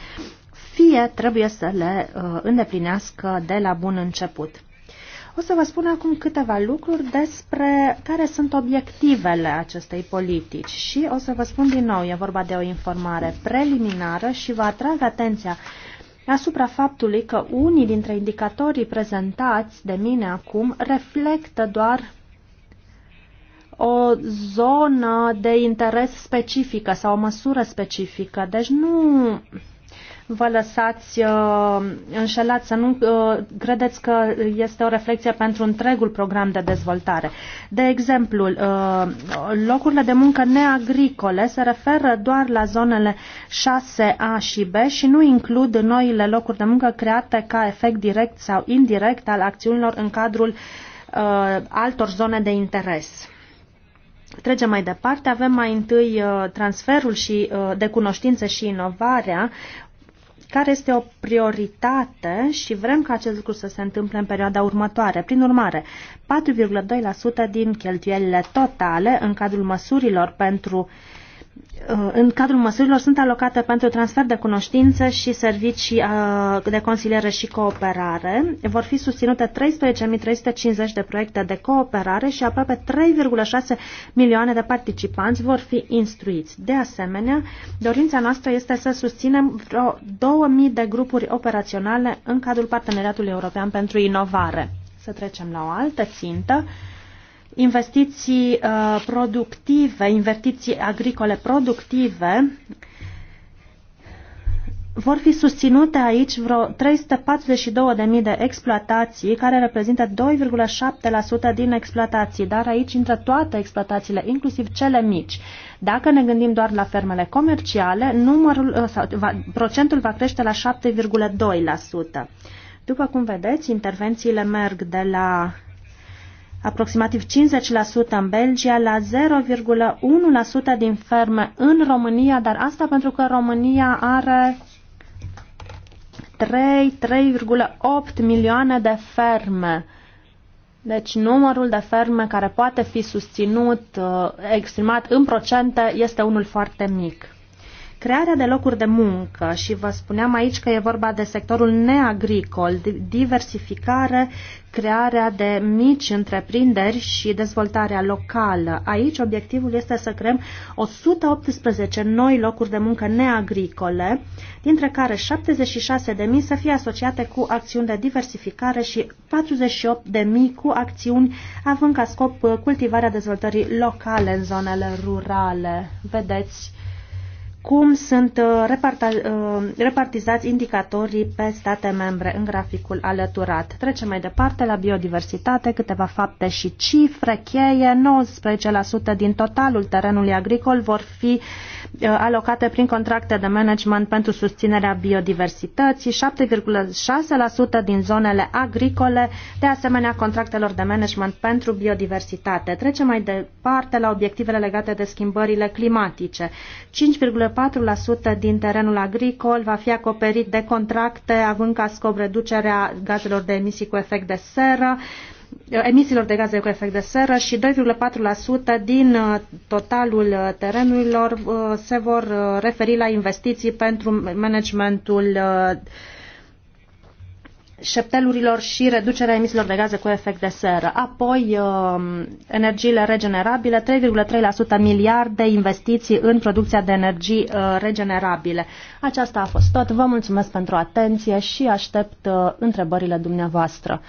fie trebuie să le uh, îndeplinească de la bun început. O să vă spun acum câteva lucruri despre care sunt obiectivele acestei politici și o să vă spun din nou, e vorba de o informare preliminară și vă atrag atenția asupra faptului că unii dintre indicatorii prezentați de mine acum reflectă doar o zonă de interes specifică sau o măsură specifică. Deci nu vă lăsați uh, înșelați, să nu uh, credeți că este o reflexie pentru întregul program de dezvoltare. De exemplu, uh, locurile de muncă neagricole se referă doar la zonele 6A și B și nu includ noile locuri de muncă create ca efect direct sau indirect al acțiunilor în cadrul uh, altor zone de interes. Trecem mai departe, avem mai întâi uh, transferul și uh, de cunoștințe și inovarea, care este o prioritate și vrem ca acest lucru să se întâmple în perioada următoare. Prin urmare, 4,2% din cheltuielile totale în cadrul măsurilor pentru uh, Uh, în cadrul măsurilor sunt alocate pentru transfer de cunoștință și servicii uh, de consiliere și cooperare. Vor fi susținute 13.350 de proiecte de cooperare și aproape 3,6 milioane de participanți vor fi instruiți. De asemenea, dorința noastră este să susținem vreo 2.000 de grupuri operaționale în cadrul Parteneriatului European pentru Inovare. Să trecem la o altă țintă investiții uh, productive, investiții agricole productive, vor fi susținute aici vreo 342.000 de exploatații, care reprezintă 2,7% din exploatații, dar aici intră toate exploatațiile, inclusiv cele mici. Dacă ne gândim doar la fermele comerciale, numărul, uh, sau, va, procentul va crește la 7,2%. După cum vedeți, intervențiile merg de la aproximativ 50% în Belgia, la 0,1% din ferme în România, dar asta pentru că România are 3,8 milioane de ferme. Deci numărul de ferme care poate fi susținut, uh, exprimat în procente, este unul foarte mic. Crearea de locuri de muncă și vă spuneam aici că e vorba de sectorul neagricol, diversificare, crearea de mici întreprinderi și dezvoltarea locală. Aici obiectivul este să creăm 118 noi locuri de muncă neagricole, dintre care 76.000 să fie asociate cu acțiuni de diversificare și 48.000 cu acțiuni având ca scop uh, cultivarea dezvoltării locale în zonele rurale. Vedeți cum sunt uh, uh, repartizați indicatorii pe state membre în graficul alăturat. Trecem mai departe la biodiversitate, câteva fapte și cifre cheie. 19% din totalul terenului agricol vor fi uh, alocate prin contracte de management pentru susținerea biodiversității, 7,6% din zonele agricole, de asemenea contractelor de management pentru biodiversitate. Trecem mai departe la obiectivele legate de schimbările climatice. 4% din terenul agricol va fi acoperit de contracte, având ca scop reducerea gazelor de emisii cu efect de seră, emisiilor de gaze cu efect de seră și 2,4% din uh, totalul uh, terenurilor uh, se vor referi la investiții pentru managementul șeptelurilor și reducerea emisiilor de gaze cu efect de seră. Apoi, um, energiile regenerabile, 3,3% miliarde investiții în producția de energii uh, regenerabile. Aceasta a fost tot. Vă mulțumesc pentru atenție și aștept uh, întrebările dumneavoastră.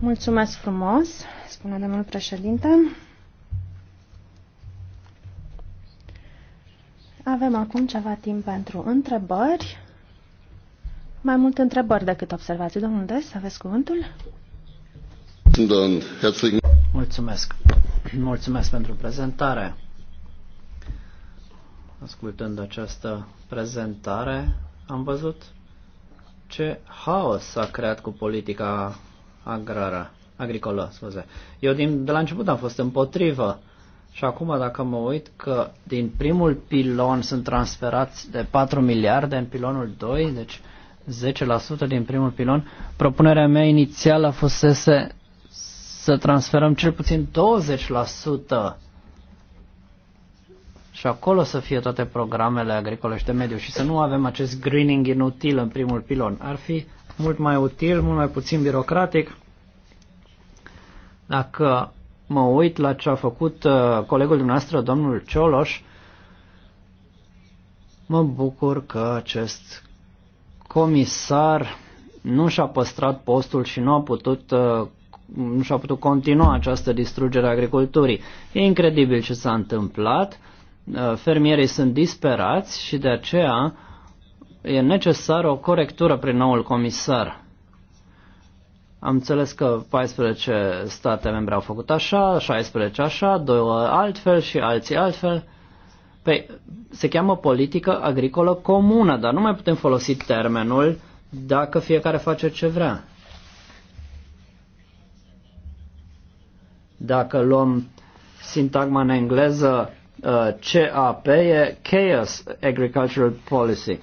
Mulțumesc frumos, spune domnul președinte. Avem acum ceva timp pentru întrebări. Mai multe întrebări decât observații. Domnul Des, aveți cuvântul? Mulțumesc. Mulțumesc pentru prezentare. Ascultând această prezentare, am văzut ce haos s-a creat cu politica agrară, agricolă, scuze. Eu din, de la început am fost împotrivă și acum dacă mă uit că din primul pilon sunt transferați de 4 miliarde în pilonul 2, deci 10% din primul pilon, propunerea mea inițială a să, să transferăm cel puțin 20% și acolo să fie toate programele agricole și de mediu și să nu avem acest greening inutil în primul pilon. Ar fi mult mai util, mult mai puțin birocratic dacă mă uit la ce a făcut uh, colegul dumneavoastră, domnul Cioloș, mă bucur că acest comisar nu și-a păstrat postul și nu a putut uh, nu și-a putut continua această distrugere a agriculturii. E incredibil ce s-a întâmplat, uh, fermierii sunt disperați și de aceea e necesară o corectură prin noul comisar. Am înțeles că 14 state membre au făcut așa, 16 așa, 2 altfel și alții altfel. Păi, se cheamă politică agricolă comună, dar nu mai putem folosi termenul dacă fiecare face ce vrea. Dacă luăm sintagma în engleză, uh, CAP e Chaos Agricultural Policy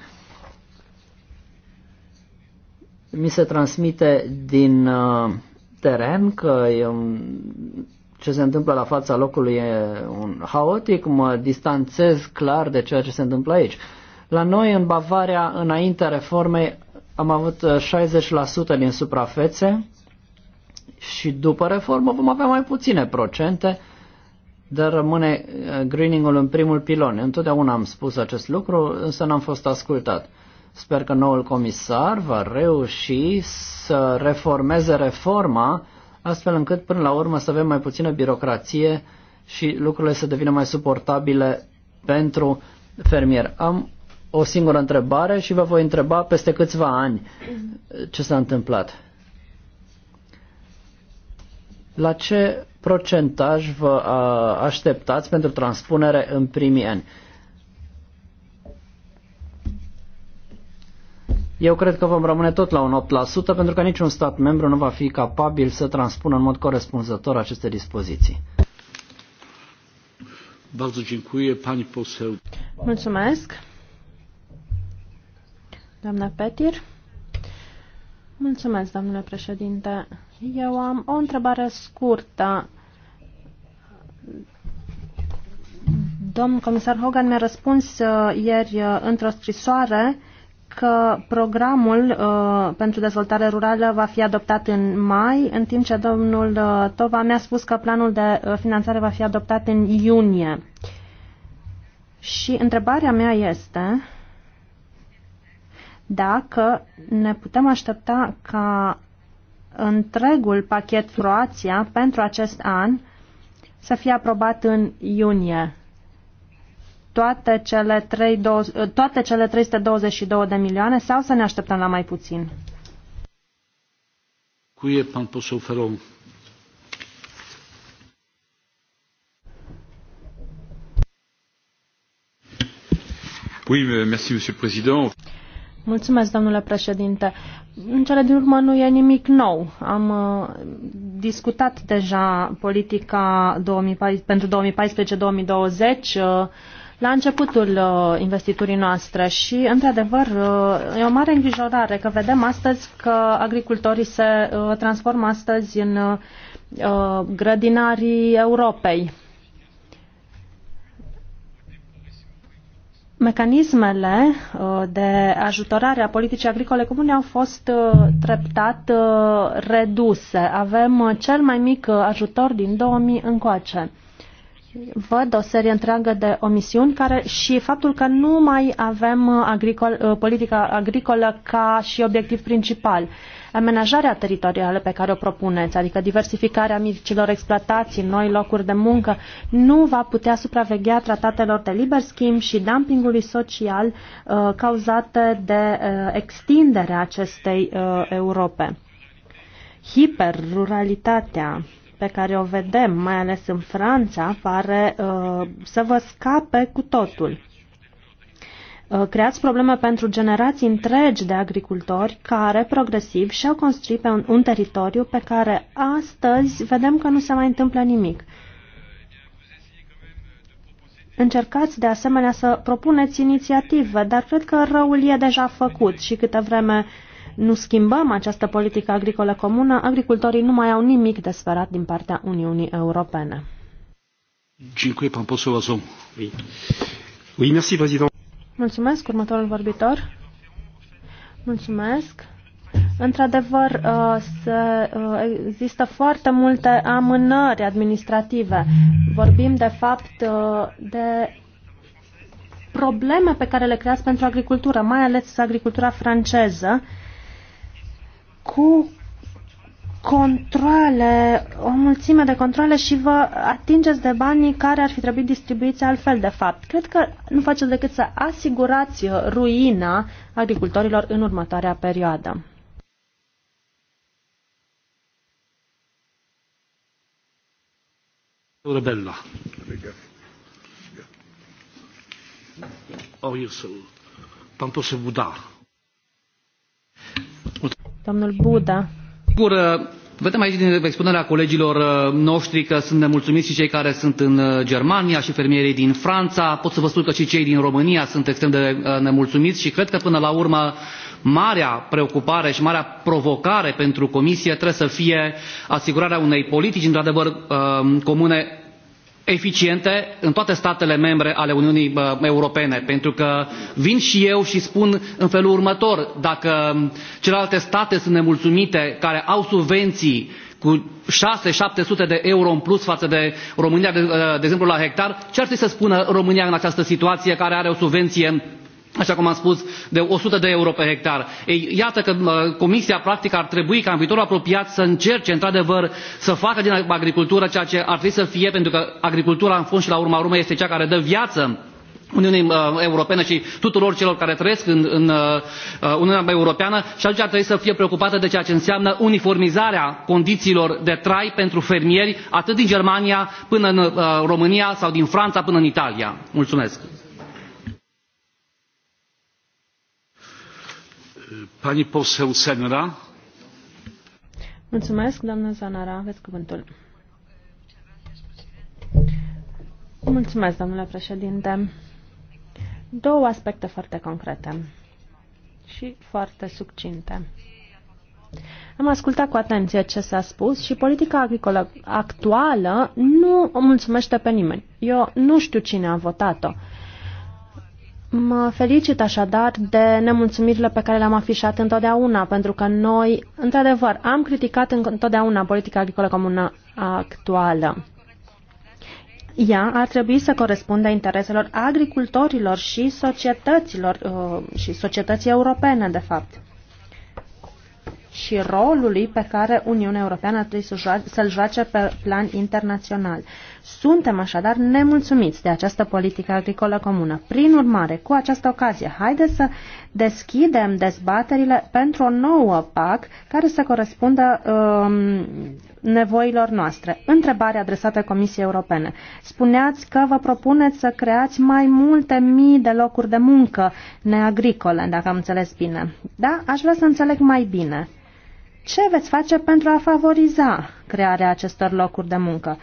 mi se transmite din uh, teren că ce se întâmplă la fața locului e un haotic, mă distanțez clar de ceea ce se întâmplă aici. La noi, în Bavaria, înaintea reformei, am avut 60% uh, din suprafețe și după reformă vom avea mai puține procente, dar rămâne uh, greening-ul în primul pilon. Întotdeauna am spus acest lucru, însă n-am fost ascultat. Sper că noul comisar va reuși să reformeze reforma astfel încât până la urmă să avem mai puțină birocrație și lucrurile să devină mai suportabile pentru fermier. Am o singură întrebare și vă voi întreba peste câțiva ani ce s-a întâmplat. La ce procentaj vă așteptați pentru transpunere în primii ani? Eu cred că vom rămâne tot la un 8% pentru că niciun stat membru nu va fi capabil să transpună în mod corespunzător aceste dispoziții. Mulțumesc. Doamna Petir. Mulțumesc, domnule președinte. Eu am o întrebare scurtă. Domnul comisar Hogan mi-a răspuns uh, ieri uh, într-o scrisoare că programul uh, pentru dezvoltare rurală va fi adoptat în mai, în timp ce domnul uh, Tova mi-a spus că planul de uh, finanțare va fi adoptat în iunie. Și întrebarea mea este dacă ne putem aștepta ca întregul pachet Croația pentru acest an să fie aprobat în iunie toate cele, 3, 2, toate cele 322 de milioane sau să ne așteptăm la mai puțin? Cuie pan poseł ferom. Oui, euh, merci, monsieur le président. Mulțumesc, domnule președinte. În cele din urmă nu e nimic nou. Am uh, discutat deja politica 2014, pentru 2014-2020. Uh, la începutul uh, investiturii noastre și, într-adevăr, uh, e o mare îngrijorare că vedem astăzi că agricultorii se uh, transformă astăzi în grădinarii Europei. Mecanismele de ajutorare a politicii agricole comune au fost treptat reduse. Avem cel mai mic ajutor din 2000 încoace văd o serie întreagă de omisiuni care și faptul că nu mai avem uh, agricol, uh, politica agricolă ca și obiectiv principal. Amenajarea teritorială pe care o propuneți, adică diversificarea micilor exploatații, noi locuri de muncă, nu va putea supraveghea tratatelor de liber schimb și dumpingului social uh, cauzate de uh, extinderea acestei uh, Europe. Hiperruralitatea pe care o vedem, mai ales în Franța, pare uh, să vă scape cu totul. Uh, creați probleme pentru generații întregi de agricultori care progresiv și-au construit pe un, un teritoriu pe care astăzi vedem că nu se mai întâmplă nimic. Încercați de asemenea să propuneți inițiative, dar cred că răul e deja făcut și câte vreme uh, nu schimbăm această politică agricolă comună, agricultorii nu mai au nimic de sperat din partea Uniunii Europene. Mulțumesc, următorul vorbitor. Mulțumesc. Într-adevăr, uh, uh, există foarte multe amânări administrative. Vorbim, de fapt, uh, de probleme pe care le creați pentru agricultură, mai ales agricultura franceză, cu controle, o mulțime de controle și vă atingeți de banii care ar fi trebuit distribuiți altfel, de fapt. Cred că nu faceți decât să asigurați ruina agricultorilor în următoarea perioadă. Rebella. Oh, o, jest Tanto se Buda. Domnul Buda. Sigur, uh, vedem aici din expunerea colegilor uh, noștri că sunt nemulțumiți și cei care sunt în uh, Germania și fermierii din Franța. Pot să vă spun că și cei din România sunt extrem de nemulțumiți și cred că până la urmă marea preocupare și marea provocare pentru comisie trebuie să fie asigurarea unei politici într adevăr comune eficiente în toate statele membre ale uniunii europene pentru că vin și eu și spun în felul următor dacă celelalte state sunt nemulțumite care au subvenții cu șase șapte sute de euro în plus față de românia de exemplu la hectar ce ar trebui să spună românia în această situație care are o subvenție așa cum am spus de o sută de euro pe hectar. Ei, iată că comisia practic ar trebui ca în viitorul apropiat să încerce într adevăr să facă din agricultură ceea ce ar trebui să fie pentru că agricultura în fond și la urma urmei este cea care dă viață Uniunii Europene și tuturor celor care trăiesc în, în uh, uh, Uniunea Europeană și atunci ar trebui să fie preocupată de ceea ce înseamnă uniformizarea condițiilor de trai pentru fermieri atât din Germania până în uh, România sau din Franța până în Italia. Mulțumesc! Pani poseł Senra. Mulțumesc, doamna Zanara. Aveți cuvântul. Mulțumesc, domnule președinte. Două aspecte foarte concrete și foarte succinte. Am ascultat cu atenție ce s-a spus și politica agricolă actuală nu o mulțumește pe nimeni. Eu nu știu cine a votat-o. Mă felicit așadar de nemulțumirile pe care le-am afișat întotdeauna, pentru că noi, într-adevăr, am criticat întotdeauna politica agricolă comună actuală. Ea ar trebui să corespundă intereselor agricultorilor și societăților uh, și societății europene, de fapt, și rolului pe care Uniunea Europeană ar trebui să-l joace pe plan internațional. Suntem așadar nemulțumiți de această politică agricolă comună. Prin urmare, cu această ocazie, haideți să deschidem dezbaterile pentru o nouă PAC care să corespundă um, nevoilor noastre. Întrebare adresată Comisiei Europene. Spuneați că vă propuneți să creați mai multe mii de locuri de muncă neagricole, dacă am înțeles bine. Da? Aș vrea să înțeleg mai bine. Ce veți face pentru a favoriza crearea acestor locuri de muncă?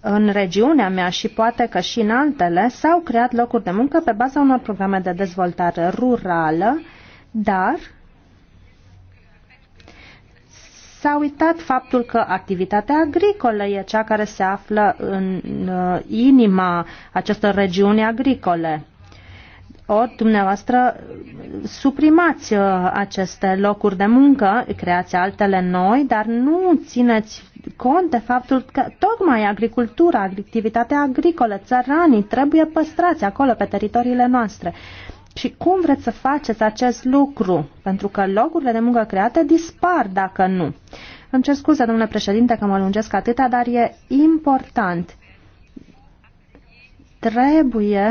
în regiunea mea și poate că și în altele s-au creat locuri de muncă pe baza unor programe de dezvoltare rurală, dar s-a uitat faptul că activitatea agricolă e cea care se află în uh, inima acestor regiuni agricole. Ori dumneavoastră suprimați uh, aceste locuri de muncă, creați altele noi, dar nu țineți cont de faptul că tocmai agricultura, activitatea agricolă, țăranii trebuie păstrați acolo pe teritoriile noastre. Și cum vreți să faceți acest lucru? Pentru că locurile de muncă create dispar dacă nu. Îmi cer scuze, domnule președinte, că mă lungesc atâta, dar e important. Trebuie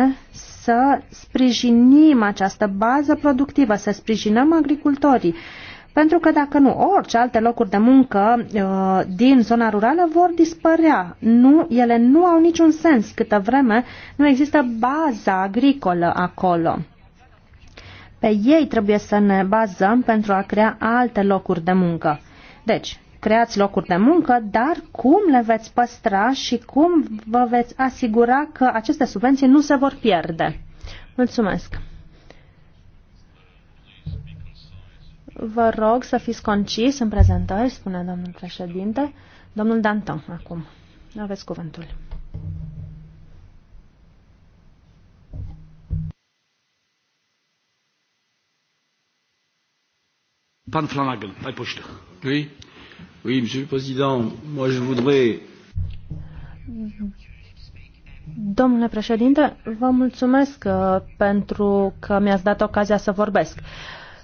să sprijinim această bază productivă, să sprijinăm agricultorii. Pentru că dacă nu, orice alte locuri de muncă uh, din zona rurală vor dispărea. Nu, ele nu au niciun sens câtă vreme nu există baza agricolă acolo. Pe ei trebuie să ne bazăm pentru a crea alte locuri de muncă. Deci, creați locuri de muncă, dar cum le veți păstra și cum vă veți asigura că aceste subvenții nu se vor pierde? Mulțumesc! Vă rog să fiți concis în prezentări, spune domnul președinte. Domnul Danton, acum. Aveți cuvântul. Pan Flanagan, ai poștă. Oui. Oui, Monsieur le Président, moi je voudrais... Domnule președinte, vă mulțumesc uh, pentru că mi-ați dat ocazia să vorbesc.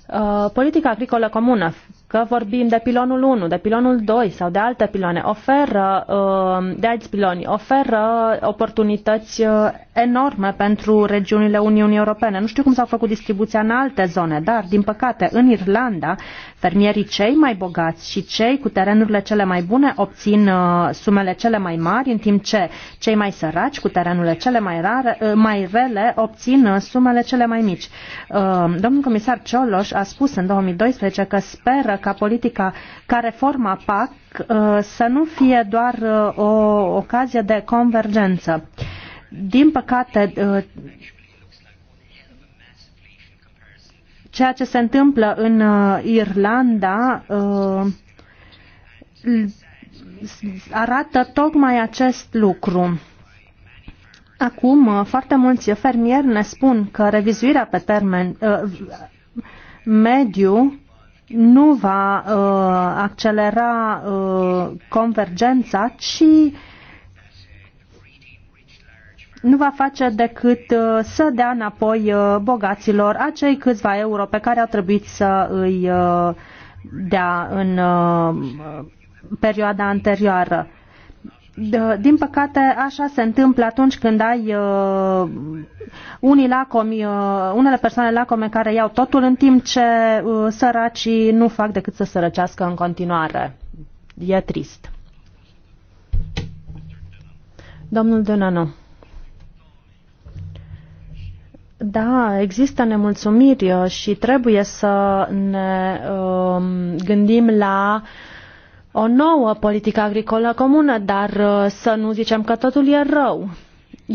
Uh, politica agricolă comună, că vorbim de pilonul 1, de pilonul 2 sau de alte piloane, oferă, uh, de alți piloni, oferă oportunități uh, enorme pentru regiunile Uniunii Europene. Nu știu cum s au făcut distribuția în alte zone, dar, din păcate, în Irlanda, fermierii cei mai bogați și cei cu terenurile cele mai bune obțin uh, sumele cele mai mari, în timp ce cei mai săraci cu terenurile cele mai, rare, mai rele obțin sumele cele mai mici. Domnul comisar Cioloș a spus în 2012 că speră ca politica, ca reforma PAC uh, să nu fie doar uh, o ocazie de convergență. Din păcate, uh, ceea ce se întâmplă în Irlanda arată tocmai acest lucru. Acum, foarte mulți fermieri ne spun că revizuirea pe termen mediu nu va uh, accelera uh, convergența, ci nu va face decât uh, să dea înapoi uh, bogaților acei câțiva euro pe care au trebuit să îi uh, dea în uh, perioada anterioară. Uh, din păcate, așa se întâmplă atunci când ai uh, unii lacomi, uh, unele persoane lacome care iau totul în timp ce uh, săracii nu fac decât să sărăcească în continuare. E trist. Domnul Dunanu. Da, există nemulțumiri și trebuie să ne uh, gândim la uh, o nouă politică agricolă comună, dar uh, să nu zicem că totul e rău.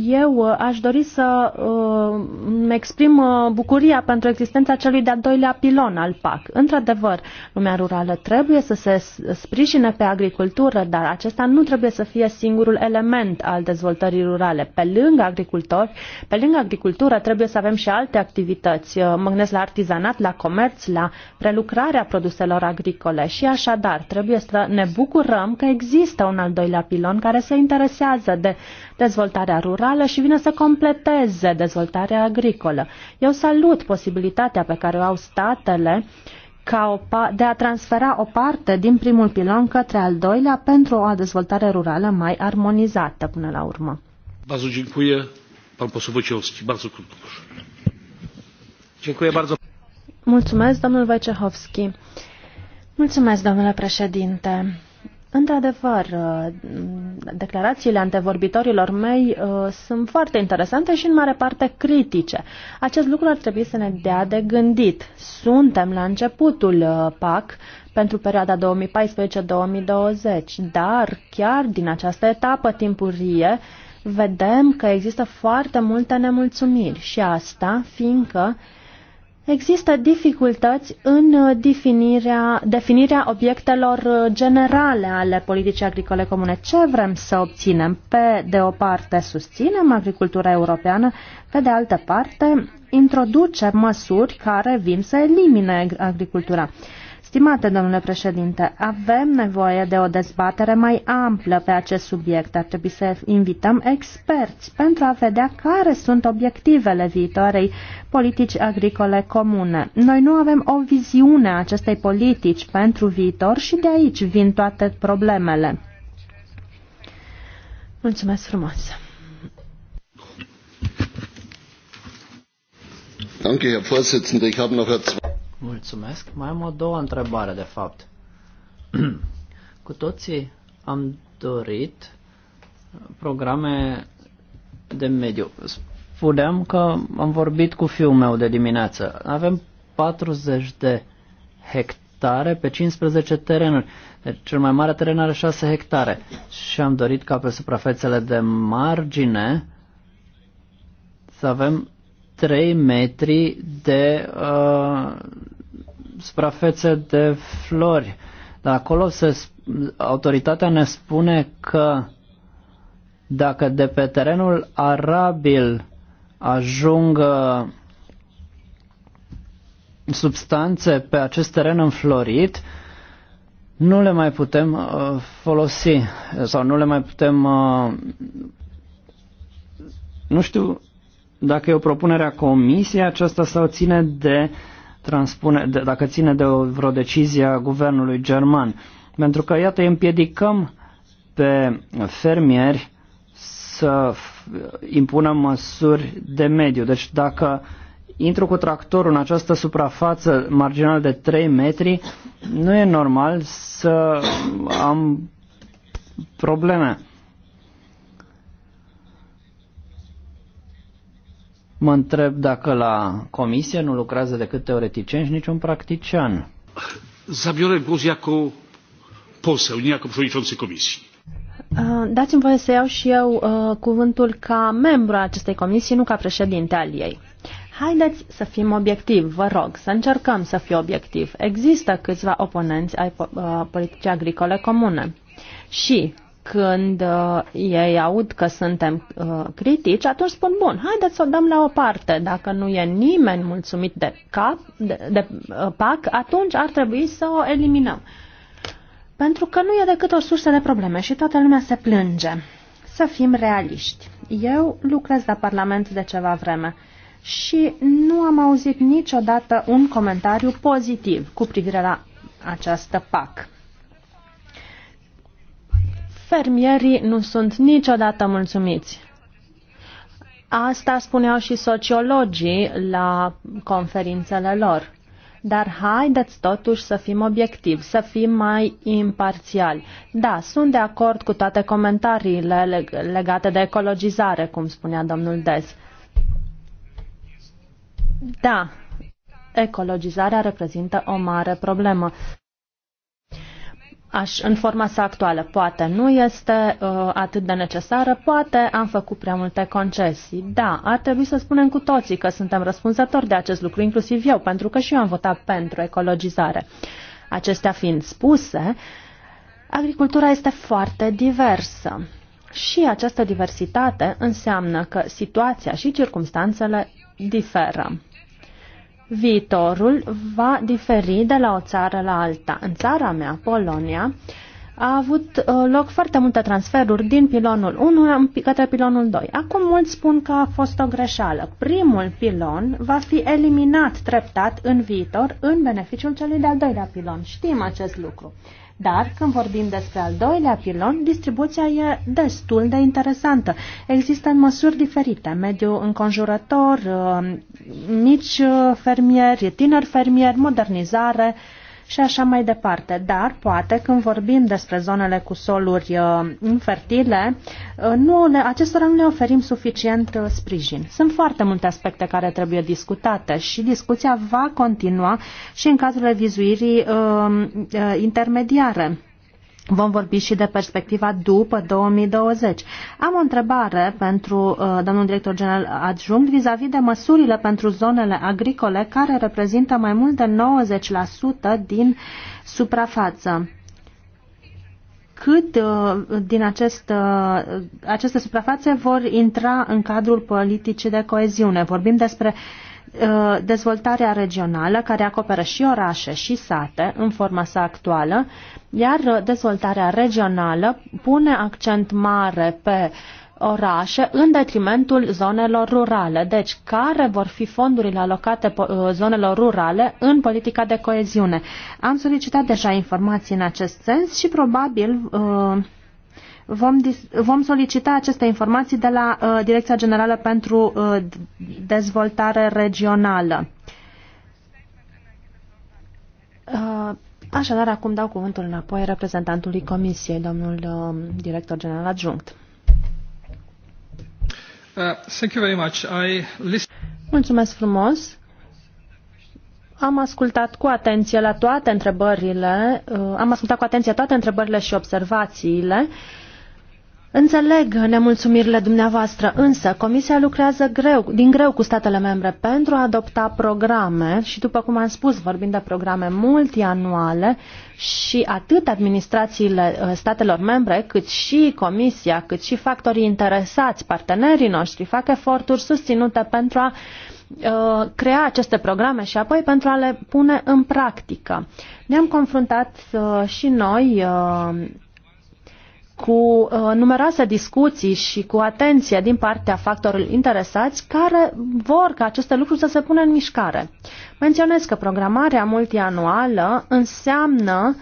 Eu uh, aș dori să uh, îmi exprim uh, bucuria pentru existența celui de-al doilea pilon al PAC. Într-adevăr, lumea rurală trebuie să se sprijine pe agricultură, dar acesta nu trebuie să fie singurul element al dezvoltării rurale. Pe lângă agricultori, pe lângă agricultură trebuie să avem și alte activități. Mă gândesc la artizanat, la comerț, la prelucrarea produselor agricole și așadar trebuie să ne bucurăm că există un al doilea pilon care se interesează de dezvoltarea rurală rurală și vine să completeze dezvoltarea agricolă. Eu salut posibilitatea pe care o au statele ca o de a transfera o parte din primul pilon către al doilea pentru o dezvoltare rurală mai armonizată până la urmă. Bardzo dziękuję. Pan poseł Wojciechowski, bardzo krótko proszę. Dziękuję bardzo. Mulțumesc, domnul Wojciechowski. Mulțumesc, domnule președinte. Într-adevăr, uh, declarațiile antevorbitorilor mei uh, sunt foarte interesante și în mare parte critice. Acest lucru ar trebui să ne dea de gândit. Suntem la începutul uh, PAC pentru perioada 2014-2020, dar chiar din această etapă timpurie vedem că există foarte multe nemulțumiri și asta fiindcă Există dificultăți în uh, definirea, definirea obiectelor uh, generale ale politicii agricole comune. Ce vrem să obținem? Pe de o parte susținem agricultura europeană, pe de altă parte introducem măsuri care vin să elimine agricultura. Stimate domnule președinte, avem nevoie de o dezbatere mai amplă pe acest subiect. Ar trebui să invităm experți pentru a vedea care sunt obiectivele viitoarei politici agricole comune. Noi nu avem o viziune a acestei politici pentru viitor și de aici vin toate problemele. Mulțumesc frumos! Danke, Herr Ich habe noch Mulțumesc. Mai am o două întrebare, de fapt. Cu toții am dorit programe de mediu. Spuneam că am vorbit cu fiul meu de dimineață. Avem 40 de hectare pe 15 terenuri. Deci cel mai mare teren are 6 hectare. Și am dorit ca pe suprafețele de margine să avem 3 metri de uh, suprafețe de flori. Dar acolo se, autoritatea ne spune că dacă de pe terenul arabil ajung uh, substanțe pe acest teren înflorit, nu le mai putem uh, folosi sau nu le mai putem uh, nu știu dacă e o propunere a comisiei, aceasta sau ține de transpune, de, dacă ține de o, vreo decizie a guvernului german. Pentru că, iată, îi împiedicăm pe fermieri să impună măsuri de mediu. Deci dacă intru cu tractorul în această suprafață marginală de 3 metri, nu e normal să am probleme. Mă întreb dacă la comisie nu lucrează decât teoreticieni și niciun practician. Zabiorę głos jako poseł, nie jako przewodniczący komisji. Dați-mi voie să iau și eu uh, cuvântul ca membru a acestei comisii, nu ca președinte al ei. Haideți să fim obiectivi, vă rog, să încercăm să fim obiectivi. Există câțiva oponenți ai uh, politicii agricole comune și când uh, ei aud că suntem uh, critici, atunci spun, bun, haideți să o dăm la o parte. Dacă nu e nimeni mulțumit de, cap, de, de uh, PAC, atunci ar trebui să o eliminăm. Pentru că nu e decât o sursă de probleme și toată lumea se plânge. Să fim realiști. Eu lucrez la Parlament de ceva vreme și nu am auzit niciodată un comentariu pozitiv cu privire la această PAC fermierii nu sunt niciodată mulțumiți. Asta spuneau și sociologii la conferințele lor. Dar haideți totuși să fim obiectivi, să fim mai imparțiali. Da, sunt de acord cu toate comentariile legate de ecologizare, cum spunea domnul Dez. Da, ecologizarea reprezintă o mare problemă aș, în forma sa actuală. Poate nu este uh, atât de necesară, poate am făcut prea multe concesii. Da, ar trebui să spunem cu toții că suntem răspunzători de acest lucru, inclusiv eu, pentru că și eu am votat pentru ecologizare. Acestea fiind spuse, agricultura este foarte diversă. Și această diversitate înseamnă că situația și circumstanțele diferă viitorul va diferi de la o țară la alta. În țara mea, Polonia, a avut uh, loc foarte multe transferuri din pilonul 1 către pilonul 2. Acum mulți spun că a fost o greșeală. Primul pilon va fi eliminat treptat în viitor în beneficiul celui de-al doilea pilon. Știm acest lucru. Dar când vorbim despre al doilea pilon, distribuția e destul de interesantă. Există în măsuri diferite, mediu înconjurător, uh, mici uh, fermieri, tineri fermieri, modernizare, și așa mai departe. Dar, poate, când vorbim despre zonele cu soluri uh, infertile, uh, nu le, acestora nu le oferim suficient uh, sprijin. Sunt foarte multe aspecte care trebuie discutate și discuția va continua și în cazul revizuirii intermediare. Vom vorbi și de perspectiva după 2020. Am o întrebare pentru uh, domnul director general adjunct vis-a-vis -vis de măsurile pentru zonele agricole care reprezintă mai mult de 90% din suprafață. Cât uh, din acest, uh, aceste suprafațe vor intra în cadrul politicii de coeziune? Vorbim despre uh, dezvoltarea regională care acoperă și orașe și sate în forma sa actuală. Iar dezvoltarea regională pune accent mare pe orașe în detrimentul zonelor rurale. Deci, care vor fi fondurile alocate uh, zonelor rurale în politica de coeziune? Am solicitat deja informații în acest sens și probabil uh, vom, vom solicita aceste informații de la uh, Direcția Generală pentru Dezvoltare Regională. Așadar, acum dau cuvântul înapoi reprezentantului Comisiei, domnul um, director general adjunct. Uh, thank you very much. I list... Mulțumesc frumos. Am ascultat cu atenție la toate întrebările, uh, am ascultat cu atenție toate întrebările și observațiile. Uh, Înțeleg nemulțumirile dumneavoastră, însă Comisia lucrează greu, din greu cu statele membre pentru a adopta programe și, după cum am spus, vorbim de programe multianuale și atât administrațiile uh, statelor membre, cât și Comisia, cât și factorii interesați, partenerii noștri, fac eforturi susținute pentru a uh, crea aceste programe și apoi pentru a le pune în practică. Ne-am confruntat uh, și noi uh, cu uh, numeroase discuții și cu atenție din partea factorilor interesați care vor ca aceste lucruri să se pună în mișcare. Menționez că programarea multianuală înseamnă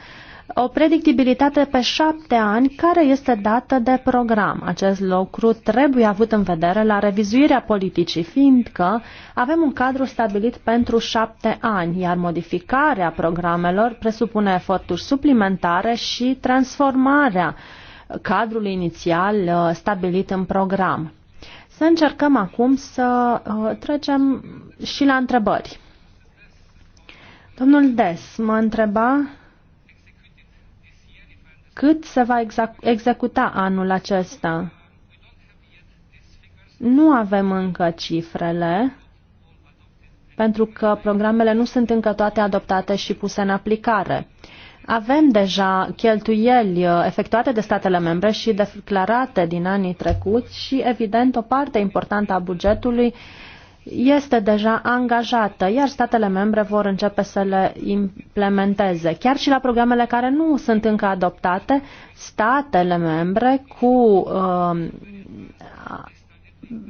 o predictibilitate pe șapte ani care este dată de program. Acest lucru trebuie avut în vedere la revizuirea politicii, fiindcă avem un cadru stabilit pentru șapte ani, iar modificarea programelor presupune eforturi suplimentare și transformarea uh, cadrul inițial uh, stabilit în program. Să încercăm acum să uh, trecem și la întrebări. Domnul Des mă întreba cât se va executa anul acesta. Nu avem încă cifrele, pentru că programele nu sunt încă toate adoptate și puse în aplicare. Avem deja cheltuieli uh, efectuate de statele membre și declarate din anii trecuți și, evident, o parte importantă a bugetului este deja angajată, iar statele membre vor începe să le implementeze. Chiar și la programele care nu sunt încă adoptate, statele membre cu uh,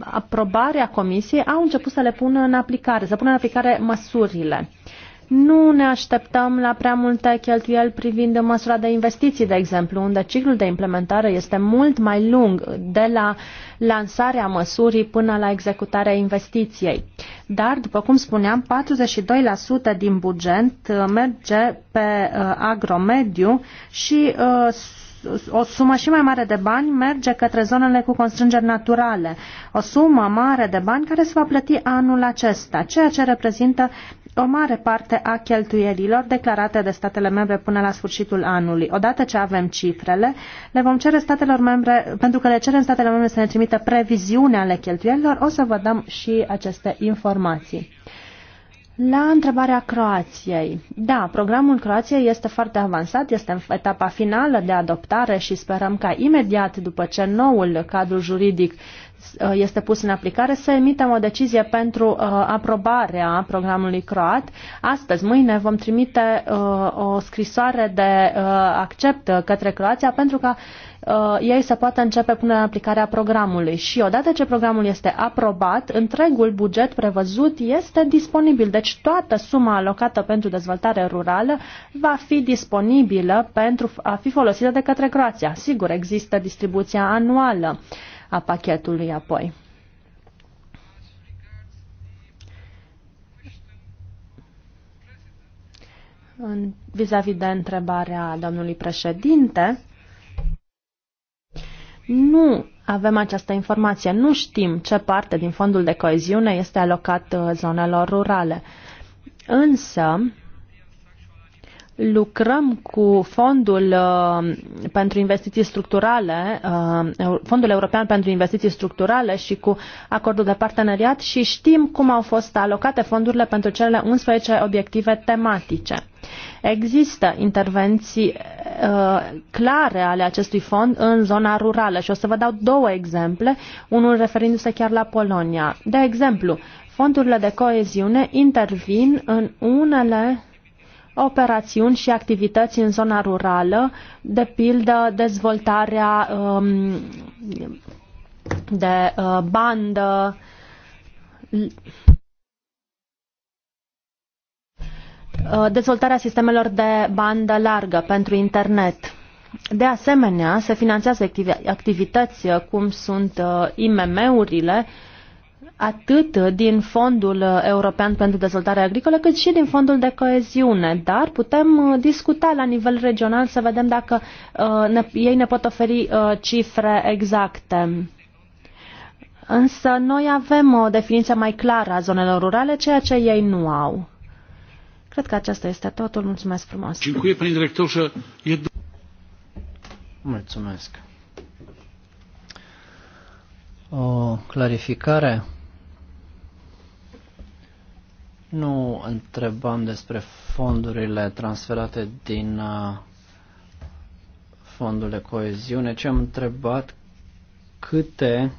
aprobarea Comisiei au început să le pună în aplicare, să pună în aplicare măsurile. Nu ne așteptăm la prea multe cheltuieli privind măsura de investiții, de exemplu, unde ciclul de implementare este mult mai lung de la lansarea măsurii până la executarea investiției. Dar, după cum spuneam, 42% din buget uh, merge pe uh, agromediu și uh, o sumă și mai mare de bani merge către zonele cu constrângeri naturale. O sumă mare de bani care se va plăti anul acesta, ceea ce reprezintă o mare parte a cheltuielilor declarate de statele membre până la sfârșitul anului. Odată ce avem cifrele, le vom cere statelor membre, pentru că le cerem statele membre să ne trimită previziune ale cheltuielilor, o să vă dăm și aceste informații. La întrebarea Croației. Da, programul Croației este foarte avansat, este în etapa finală de adoptare și sperăm ca imediat după ce noul cadru juridic uh, Uh, este pus în aplicare, să emitem o decizie pentru uh, aprobarea programului croat. Astăzi, mâine, vom trimite uh, o scrisoare de accept către Croația pentru ca ei să poată începe punerea în aplicare a programului. Și odată ce programul este aprobat, întregul buget prevăzut este disponibil. Deci toată suma alocată pentru dezvoltare rurală va fi disponibilă pentru a fi folosită de către Croația. Sigur, există distribuția anuală. Uh, a pachetului apoi. vis-a-vis -vis de întrebarea domnului președinte, nu avem această informație, nu știm ce parte din fondul de coeziune este alocat uh, zonelor rurale. Însă, lucrăm cu fondul uh, pentru investiții structurale, uh, fondul european pentru investiții structurale și cu acordul de parteneriat și știm cum au fost alocate fondurile pentru cele 11 obiective tematice. Există intervenții uh, clare ale acestui fond în zona rurală și o să vă dau două exemple, unul referindu-se chiar la Polonia. De exemplu, fondurile de coeziune intervin în unele operațiuni și activități în zona rurală, de pildă dezvoltarea um, de uh, bandă, uh, dezvoltarea sistemelor de bandă largă pentru internet. De asemenea, se finanțează activități uh, cum sunt IMM-urile, uh, atât din Fondul European pentru Dezvoltare Agricolă, cât și din Fondul de Coeziune, dar putem uh, discuta la nivel regional să vedem dacă uh, ne, ei ne pot oferi uh, cifre exacte. Însă noi avem o uh, definiție mai clară a zonelor rurale, ceea ce ei nu au. Cred că aceasta este totul. Mulțumesc frumos. Mulțumesc. O clarificare nu întrebam despre fondurile transferate din uh, fondul de coeziune, ci am întrebat câte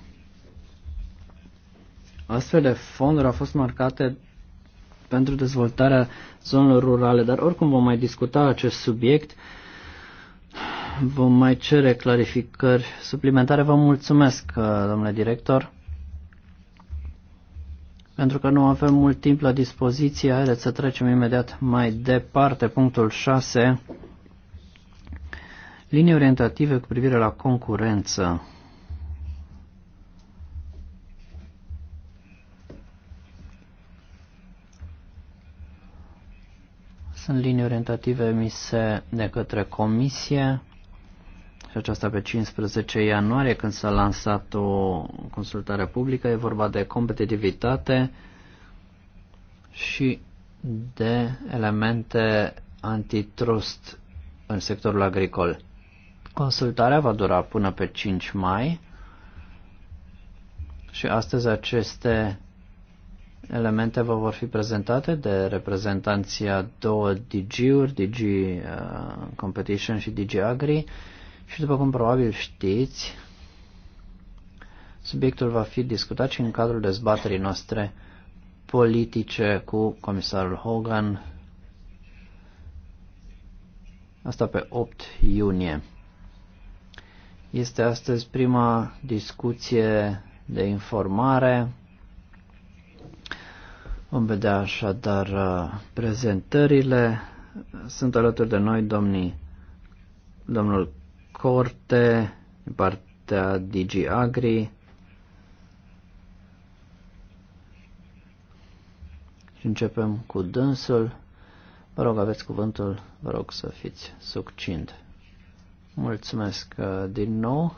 astfel de fonduri au fost marcate pentru dezvoltarea zonelor rurale, dar oricum vom mai discuta acest subiect, vom mai cere clarificări suplimentare. Vă mulțumesc, uh, domnule director. Pentru că nu avem mult timp la dispoziție, haideți să trecem imediat mai departe. Punctul 6. Linii orientative cu privire la concurență. Sunt linii orientative emise de către Comisie și aceasta pe 15 ianuarie când s-a lansat o consultare publică. E vorba de competitivitate și de elemente antitrust în sectorul agricol. Consultarea va dura până pe 5 mai și astăzi aceste elemente vă vor fi prezentate de reprezentanția două DG-uri, DG uh, Competition și DG Agri și după cum probabil știți, subiectul va fi discutat și în cadrul dezbaterii noastre politice cu comisarul Hogan. Asta pe 8 iunie. Este astăzi prima discuție de informare. Vom vedea așadar uh, prezentările. Sunt alături de noi domnii, domnul corte, din partea Digi Agri. Și începem cu dânsul. Vă rog, aveți cuvântul, vă rog să fiți succint. Mulțumesc uh, din nou.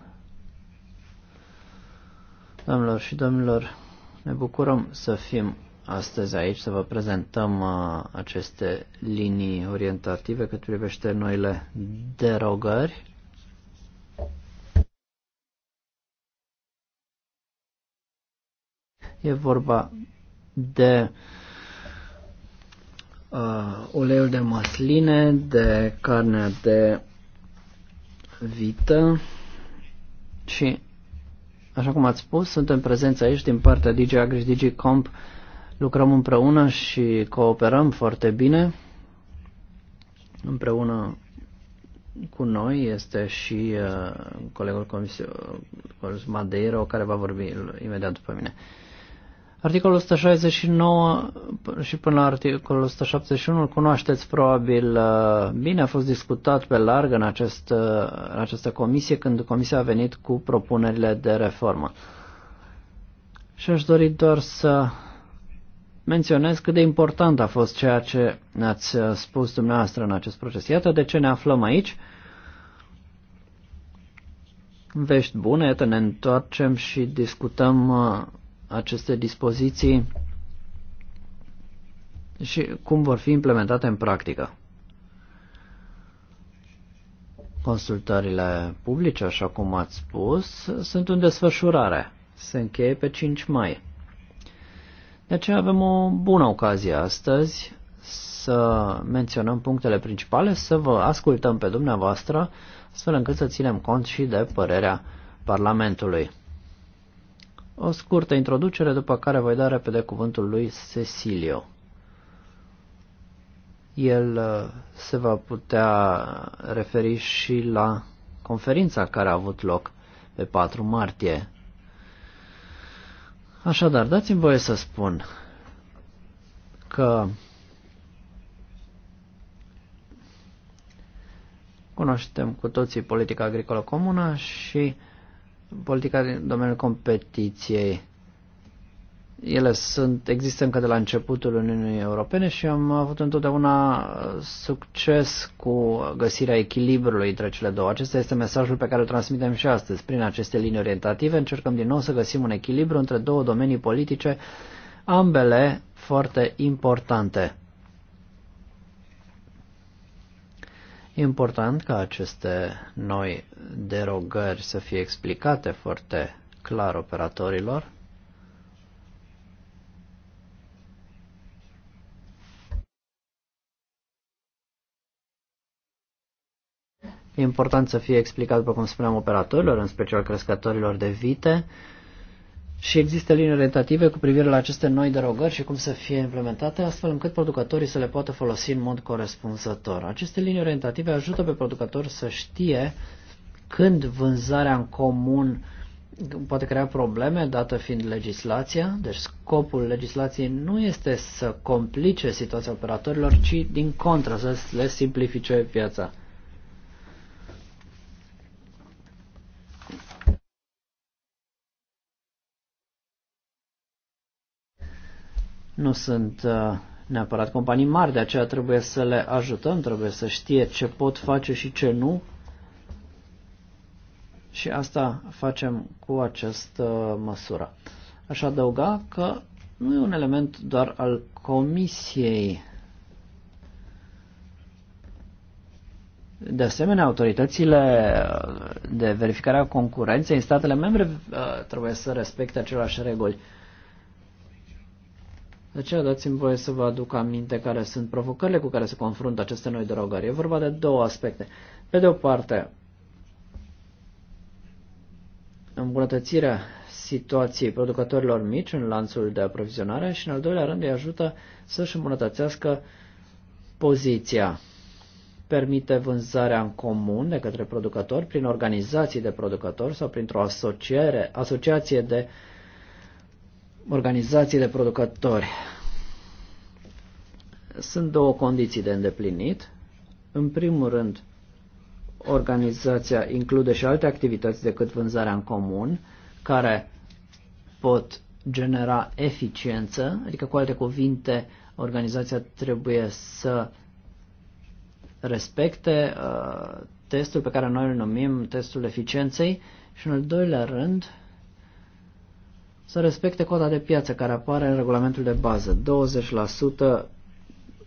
Doamnelor și domnilor, ne bucurăm să fim astăzi aici, să vă prezentăm uh, aceste linii orientative cât privește noile derogări. E vorba de uh, uleiul de măsline, de carnea de vită și, așa cum ați spus, suntem prezenți aici din partea DG Agri și DG Comp. Lucrăm împreună și cooperăm foarte bine. Împreună cu noi este și uh, colegul comisar Madeiro, care va vorbi imediat după mine. Uh, Articolul 169 și până la articolul 171 îl cunoașteți probabil uh, bine, a fost discutat pe larg în, acest, uh, în această comisie când comisia a venit cu propunerile de reformă. Și aș dori doar să menționez cât de important a fost ceea ce ați uh, spus dumneavoastră în acest proces. Iată de ce ne aflăm aici. Vești bune, iată ne întoarcem și discutăm aceste dispoziții și cum vor fi implementate în practică. Consultările publice, așa cum ați spus, sunt în desfășurare. Se încheie pe 5 mai. De aceea avem o bună ocazie astăzi să menționăm punctele principale, să vă ascultăm pe dumneavoastră, astfel încât să ținem cont și de părerea Parlamentului o scurtă introducere, după care voi da repede cuvântul lui Cecilio. El uh, se va putea referi și la conferința care a avut loc pe 4 martie. Așadar, dați-mi voie să spun că cunoaștem cu toții politica agricolă comună și politica din domeniul competiției. Ele sunt, există încă de la începutul Uniunii Europene și am avut întotdeauna succes cu găsirea echilibrului între cele două. Acesta este mesajul pe care îl transmitem și astăzi. Prin aceste linii orientative încercăm din nou să găsim un echilibru între două domenii politice, ambele foarte importante. E important ca aceste noi derogări să fie explicate foarte clar operatorilor. E important să fie explicat, după cum spuneam, operatorilor, în special crescătorilor de vite, și există linii orientative cu privire la aceste noi derogări și cum să fie implementate, astfel încât producătorii să le poată folosi în mod corespunzător. Aceste linii orientative ajută pe producători să știe când vânzarea în comun poate crea probleme, dată fiind legislația. Deci scopul legislației nu este să complice situația operatorilor, ci din contră să le simplifice viața. nu sunt uh, neapărat companii mari, de aceea trebuie să le ajutăm, trebuie să știe ce pot face și ce nu. Și asta facem cu această uh, măsură. Aș adăuga că nu e un element doar al comisiei. De asemenea, autoritățile uh, de verificare a concurenței în statele membre trebuie să respecte aceleași reguli. De aceea dați-mi voie să vă aduc aminte care sunt provocările cu care se confruntă aceste noi derogări. E vorba de două aspecte. Pe de o parte, îmbunătățirea situației producătorilor mici în lanțul de aprovizionare și, în al doilea rând, îi ajută să-și îmbunătățească poziția. Permite vânzarea în comun de către producători prin organizații de producători sau printr-o asociere, asociație de producători organizații de producători. Sunt două condiții de îndeplinit. În primul rând, organizația include și alte activități decât vânzarea în comun, care pot genera eficiență, adică cu alte cuvinte, organizația trebuie să respecte uh, testul pe care noi îl numim testul eficienței și în al doilea rând să respecte cota de piață care apare în regulamentul de bază, 20%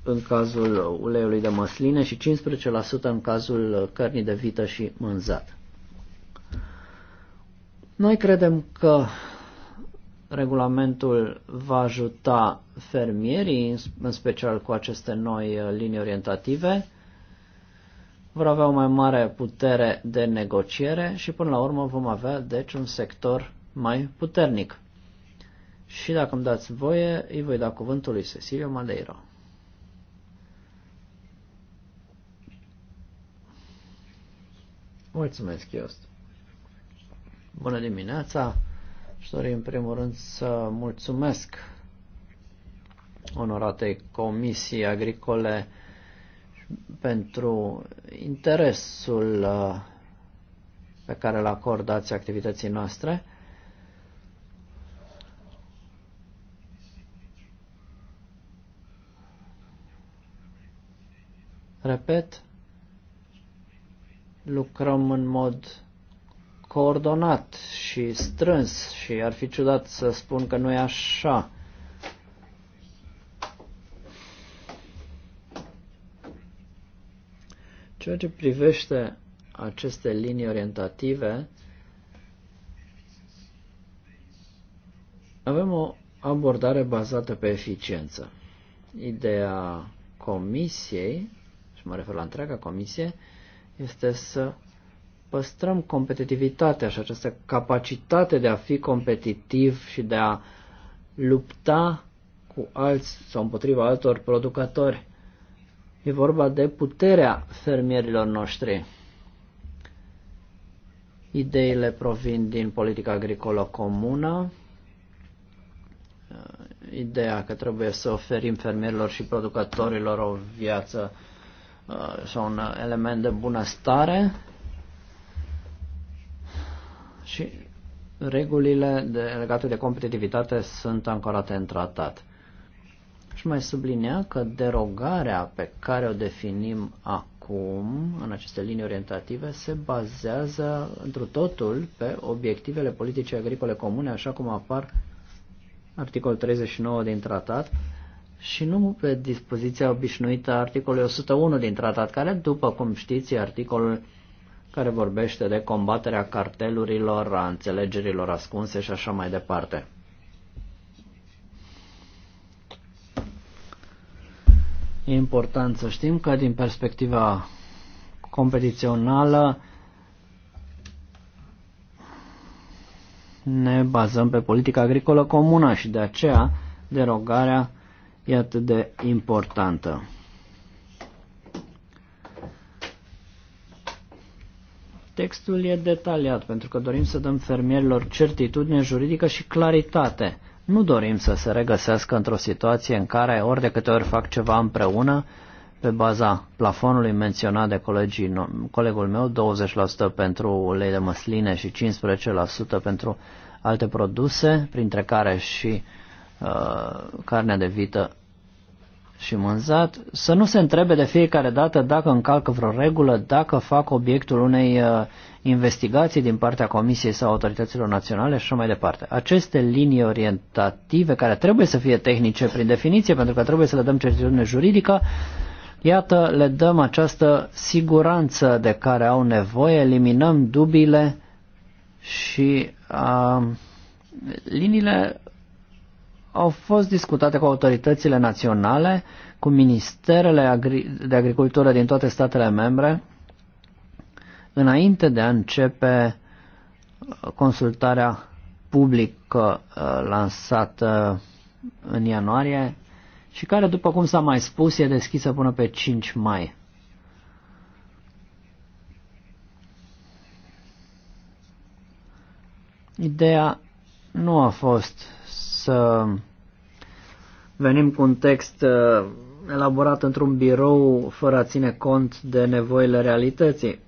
în cazul uleiului de măsline și 15% în cazul cărnii de vită și mânzat. Noi credem că regulamentul va ajuta fermierii, în special cu aceste noi uh, linii orientative, vor avea o mai mare putere de negociere și până la urmă vom avea deci un sector mai puternic. Și dacă îmi dați voie, îi voi da cuvântul lui Cecilio Madeiro. Mulțumesc, Iost! Bună dimineața! Și dorim în primul rând să mulțumesc onoratei Comisii Agricole pentru interesul uh, pe care îl acordați activității noastre. Repet, lucrăm în mod coordonat și strâns și ar fi ciudat să spun că nu e așa. Ceea ce privește aceste linii orientative, avem o abordare bazată pe eficiență. Ideea comisiei și mă refer la întreaga comisie, este să păstrăm competitivitatea și această capacitate de a fi competitiv și de a lupta cu alți sau împotriva altor producători. E vorba de puterea fermierilor noștri. Ideile provin din politica agricolă comună, ideea că trebuie să oferim fermierilor și producătorilor o viață sau uh, un uh, element de bunăstare și regulile de, legate de competitivitate sunt ancorate în tratat. Și mai sublinea că derogarea pe care o definim acum, în aceste linii orientative, se bazează întru totul pe obiectivele politicii agricole comune, așa cum apar articolul 39 din tratat, și nu pe dispoziția obișnuită a articolului 101 din tratat, care, după cum știți, e articolul care vorbește de combaterea cartelurilor, a înțelegerilor ascunse și așa mai departe. E important să știm că din perspectiva competițională ne bazăm pe politica agricolă comună și de aceea derogarea e atât de importantă. Textul e detaliat pentru că dorim să dăm fermierilor certitudine juridică și claritate. Nu dorim să se regăsească într-o situație în care ori de câte ori fac ceva împreună, pe baza plafonului menționat de colegii, colegul meu, 20% pentru ulei de măsline și 15% pentru alte produse, printre care și Uh, carnea de vită și mânzat, să nu se întrebe de fiecare dată dacă încalcă vreo regulă, dacă fac obiectul unei uh, investigații din partea Comisiei sau autorităților naționale și așa mai departe. Aceste linii orientative, care trebuie să fie tehnice prin definiție, pentru că trebuie să le dăm certitudine juridică, iată, le dăm această siguranță de care au nevoie, eliminăm dubile și a, uh, liniile au fost discutate cu autoritățile naționale, cu ministerele de agricultură din toate statele membre, înainte de a începe uh, consultarea publică uh, lansată în ianuarie și care, după cum s-a mai spus, e deschisă până pe 5 mai. Ideea nu a fost să venim cu un text uh, elaborat într-un birou fără a ține cont de nevoile realității.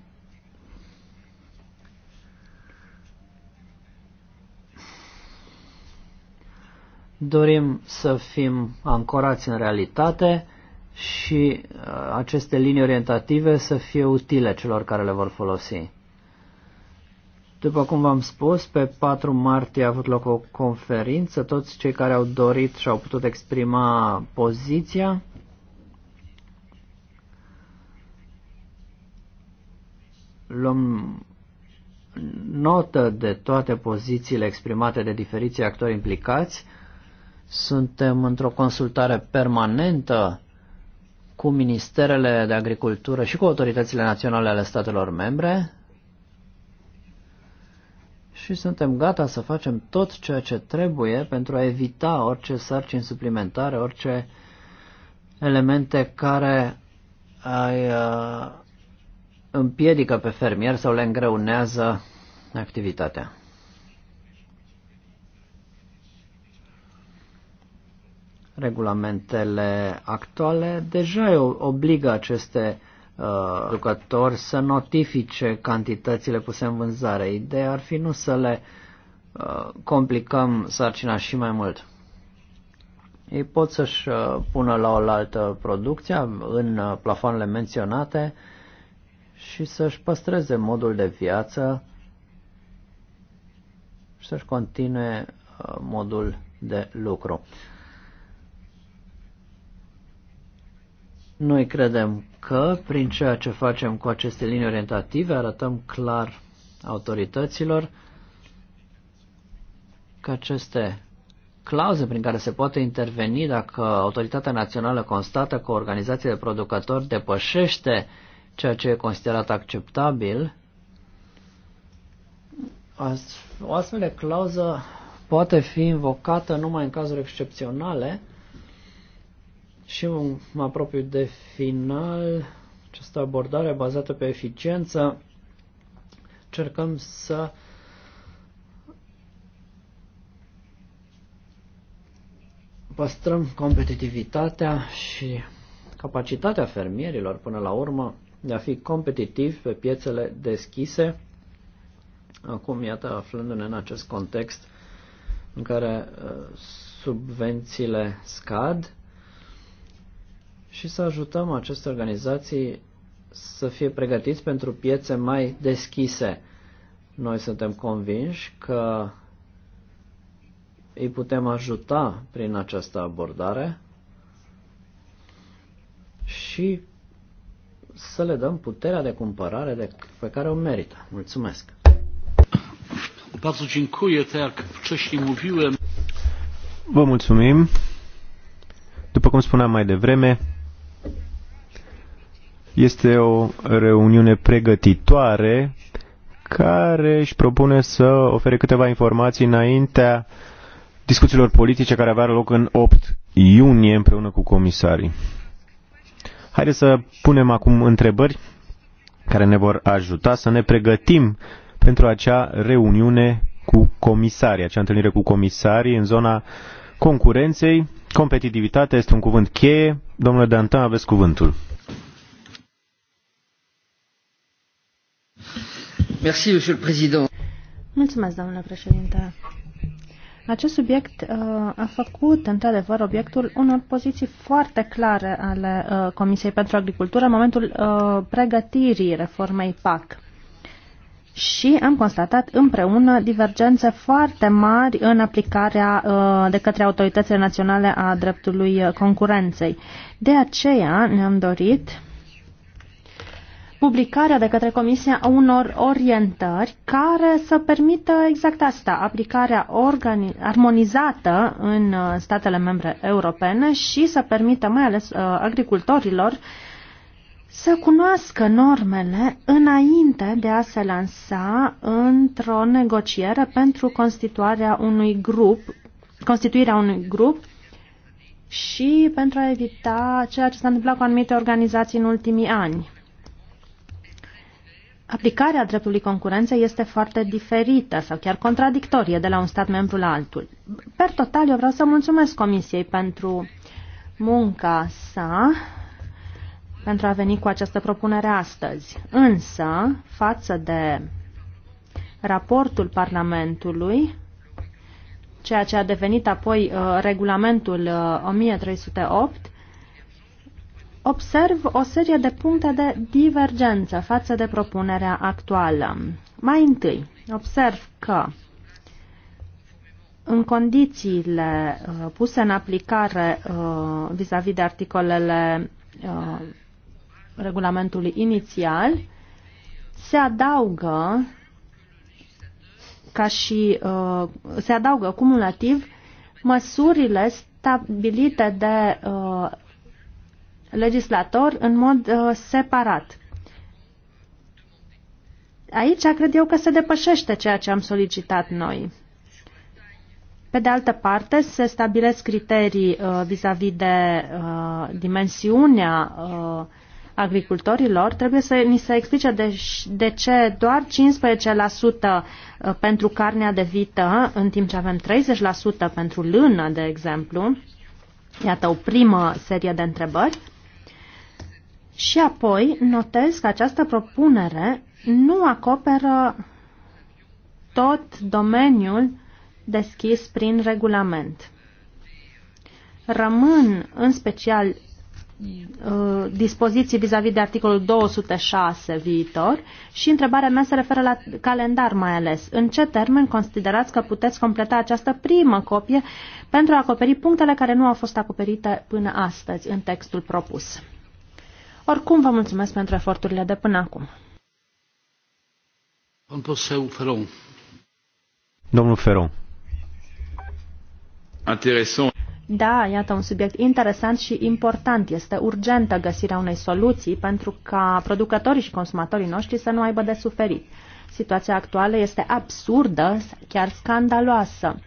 Dorim să fim ancorați în realitate și uh, aceste linii orientative să fie utile celor care le vor folosi. După cum v-am spus, pe 4 martie a avut loc o conferință, toți cei care au dorit și au putut exprima poziția. Luăm notă de toate pozițiile exprimate de diferiții actori implicați. Suntem într-o consultare permanentă cu ministerele de agricultură și cu autoritățile naționale ale statelor membre și suntem gata să facem tot ceea ce trebuie pentru a evita orice sarcini suplimentare, orice elemente care ai uh, împiedică pe fermier sau le îngreunează activitatea. Regulamentele actuale deja obligă aceste uh, jucători să notifice cantitățile puse în vânzare. Ideea ar fi nu să le uh, complicăm sarcina și mai mult. Ei pot să-și uh, pună la oaltă producția în plafonele uh, plafoanele menționate și să-și păstreze modul de viață și să-și continue modul de lucru. Noi credem că prin ceea ce facem cu aceste linii orientative arătăm clar autorităților că aceste clauze prin care se poate interveni dacă autoritatea națională constată că organizația de producători depășește ceea ce e considerat acceptabil, o astfel de clauză poate fi invocată numai în cazuri excepționale și mă apropiu de final, această abordare bazată pe eficiență, cercăm să păstrăm competitivitatea și capacitatea fermierilor până la urmă de a fi competitivi pe piețele deschise. Acum, iată, aflându-ne în acest context în care uh, subvențiile scad, și să ajutăm aceste organizații să fie pregătiți pentru piețe mai deschise. Noi suntem convinși că îi putem ajuta prin această abordare și să le dăm puterea de cumpărare de, pe care o merită. Mulțumesc! Vă mulțumim. După cum spuneam mai devreme, este o reuniune pregătitoare care își propune să ofere câteva informații înaintea discuțiilor politice care avea loc în 8 iunie împreună cu comisarii. Haideți să punem acum întrebări care ne vor ajuta să ne pregătim pentru acea reuniune cu comisarii, acea întâlnire cu comisarii în zona concurenței. Competitivitatea este un cuvânt cheie. Domnule Dantan, aveți cuvântul. Mulțumesc, domnule președinte. Acest subiect uh, a făcut, într-adevăr, obiectul unor poziții foarte clare ale uh, Comisiei pentru Agricultură în momentul uh, pregătirii reformei PAC. Și am constatat împreună divergențe foarte mari în aplicarea uh, de către autoritățile naționale a dreptului uh, concurenței. De aceea ne-am dorit uh, publicarea de către Comisia a unor orientări care să permită exact asta, aplicarea armonizată în uh, statele membre europene și să permită mai ales uh, agricultorilor să cunoască normele înainte de a se lansa într-o negociere pentru constituirea unui grup, constituirea unui grup și pentru a evita ceea ce s-a întâmplat cu anumite organizații în ultimii ani aplicarea dreptului concurenței este foarte diferită sau chiar contradictorie de la un stat membru la altul. Per total, eu vreau să mulțumesc Comisiei pentru munca sa pentru a veni cu această propunere astăzi. Însă, față de raportul Parlamentului, ceea ce a devenit apoi uh, regulamentul uh, 1308, observ o serie de puncte de divergență față de propunerea actuală. Mai întâi, observ că în condițiile uh, puse în aplicare uh, vis-a-vis uh, -vis de articolele uh, regulamentului inițial, se adaugă ca și uh, se adaugă cumulativ măsurile stabilite de uh, legislator în mod uh, separat. Aici cred eu că se depășește ceea ce am solicitat noi. Pe de altă parte, se stabilesc criterii uh, vis-a-vis uh, vis, de uh, dimensiunea uh, agricultorilor, trebuie să ni se explice de, de ce doar 15% uh, pentru carnea de vită, în timp ce avem 30% pentru lână, de exemplu. Iată o primă serie de întrebări. Și apoi notez că această propunere nu acoperă tot domeniul deschis prin regulament. Rămân în special uh, dispoziții vis-a-vis -vis de articolul 206 viitor și întrebarea mea se referă la calendar mai ales. În ce termen considerați că puteți completa această primă copie pentru a acoperi punctele care nu au fost acoperite până astăzi în textul propus? Oricum, vă mulțumesc pentru eforturile de până acum. Domnul Feron. Interesant. Da, iată un subiect interesant și important. Este urgentă găsirea unei soluții pentru ca producătorii și consumatorii noștri să nu aibă de suferit. Situația actuală este absurdă, chiar scandaloasă.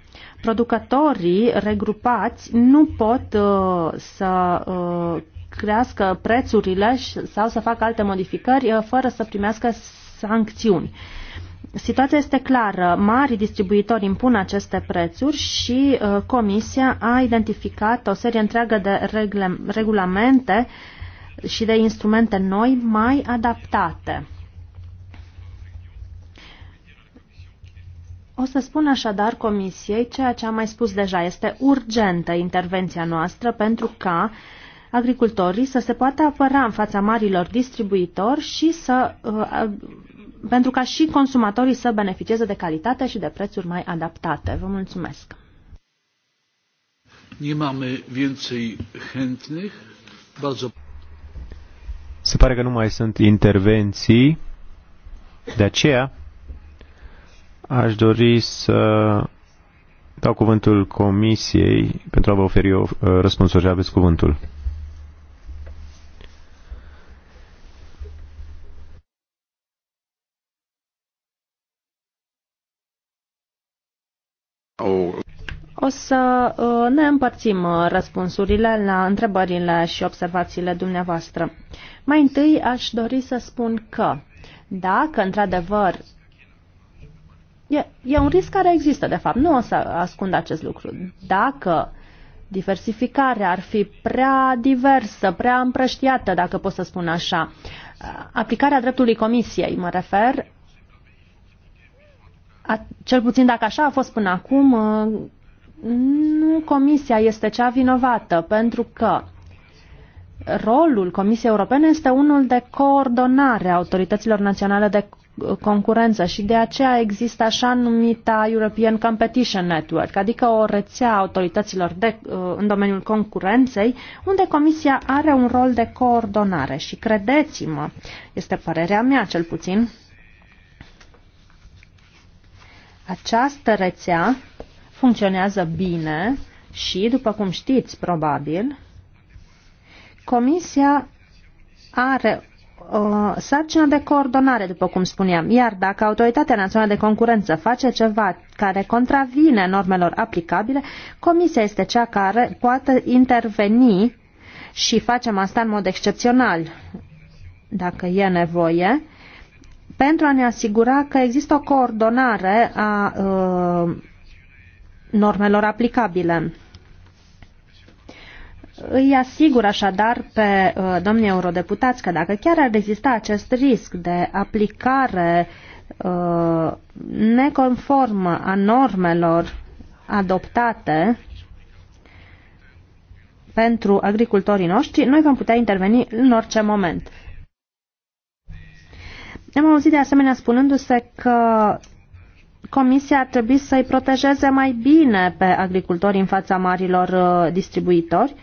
Producătorii regrupați nu pot uh, să uh, crească prețurile sau să facă alte modificări uh, fără să primească sancțiuni. Situația este clară. Mari distribuitori impun aceste prețuri și uh, Comisia a identificat o serie întreagă de regle, regulamente și de instrumente noi mai adaptate. O să spun așadar Comisiei ceea ce am mai spus deja. Este urgentă intervenția noastră pentru ca uh, agricultorii să se poată apăra în fața marilor distribuitori și să, uh, uh, pentru ca și consumatorii să beneficieze de calitate și de prețuri mai adaptate. Vă mulțumesc! Se pare că nu mai sunt intervenții, de aceea aș dori să dau cuvântul Comisiei pentru a vă oferi o uh, răspunsuri. Aveți cuvântul. O să uh, ne împărțim uh, răspunsurile la întrebările și observațiile dumneavoastră. Mai întâi aș dori să spun că dacă într-adevăr e, e un risc care există, de fapt, nu o să ascund acest lucru. Dacă diversificarea ar fi prea diversă, prea împrăștiată, dacă pot să spun așa, uh, aplicarea dreptului comisiei, mă refer, a, cel puțin dacă așa a fost până acum, uh, nu Comisia este cea vinovată, pentru că rolul Comisiei Europene este unul de coordonare a autorităților naționale de uh, concurență și de aceea există așa numita European Competition Network, adică o rețea autorităților de, uh, în domeniul concurenței, unde Comisia are un rol de coordonare și credeți-mă, este părerea mea cel puțin, această rețea funcționează bine și, după cum știți probabil, Comisia are uh, sarcină de coordonare, după cum spuneam, iar dacă Autoritatea Națională de Concurență face ceva care contravine normelor aplicabile, Comisia este cea care poate interveni și facem asta în mod excepțional, dacă e nevoie, pentru a ne asigura că există o coordonare a uh, normelor aplicabile. Îi asigur așadar pe uh, domnii eurodeputați că dacă chiar ar exista acest risc de aplicare uh, neconformă a normelor adoptate pentru agricultorii noștri, noi vom putea interveni în orice moment. Am auzit de asemenea spunându-se că Comisia ar trebui să-i protejeze mai bine pe agricultori în fața marilor uh, distribuitori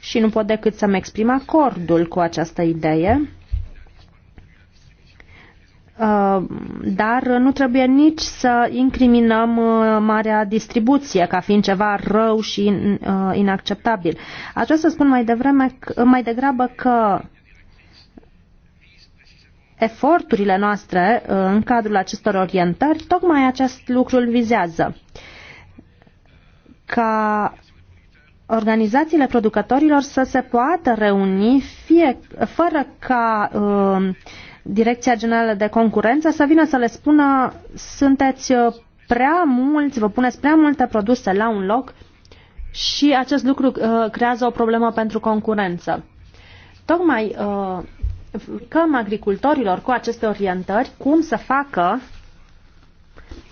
și nu pot decât să-mi exprim acordul cu această idee uh, dar nu trebuie nici să incriminăm uh, marea distribuție ca fiind ceva rău și inacceptabil. Aș vrea să spun mai, devreme, mai degrabă că eforturile noastre uh, în cadrul acestor orientări, tocmai acest lucru îl vizează. Ca organizațiile producătorilor să se poată reuni fie, fără ca uh, Direcția Generală de Concurență să vină să le spună sunteți uh, prea mulți, vă puneți prea multe produse la un loc și acest lucru uh, creează o problemă pentru concurență. Tocmai uh, explicăm agricultorilor cu aceste orientări cum să facă,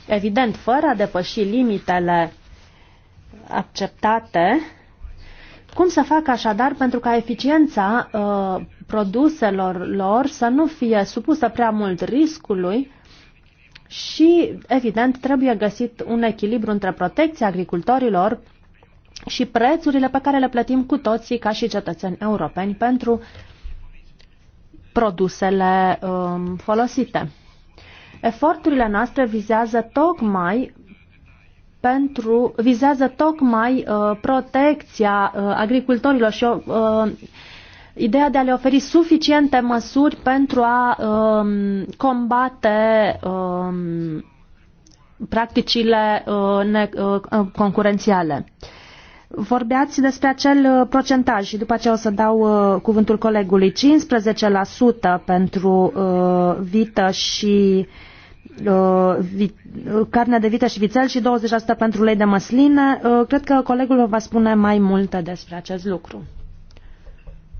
evident, fără a depăși limitele acceptate, cum să facă așadar pentru ca eficiența uh, produselor lor să nu fie supusă prea mult riscului și, evident, trebuie găsit un echilibru între protecția agricultorilor și prețurile pe care le plătim cu toții ca și cetățeni europeni pentru produsele um, folosite. Eforturile noastre vizează tocmai pentru vizează tocmai uh, protecția uh, agricultorilor și uh, ideea de a le oferi suficiente măsuri pentru a um, combate um, practicile uh, ne, uh, concurențiale. Uh, Vorbeați despre acel uh, procentaj și după aceea o să dau uh, cuvântul colegului. 15% pentru uh, vită și uh, uh, carne de vită și vițel și 20% pentru lei de măsline. Uh, cred că colegul vă va spune mai multe despre acest lucru.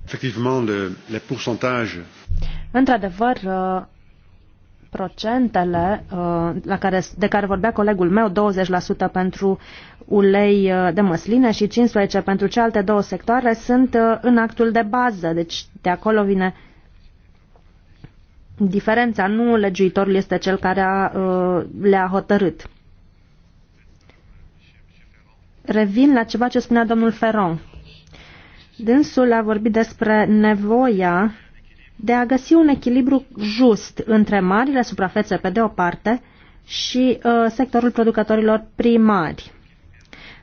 Efectivement, le, le pourcentage. Într-adevăr, uh, procentele uh, la care, de care vorbea colegul meu, 20% pentru ulei uh, de măsline și 15% pentru cealaltă două sectoare, sunt uh, în actul de bază. Deci de acolo vine diferența. Nu legiuitorul este cel care a, le-a hotărât. Revin la ceva ce spunea domnul Ferron. Dânsul a vorbit despre nevoia de a găsi un echilibru just între marile suprafețe pe de o parte și uh, sectorul producătorilor primari.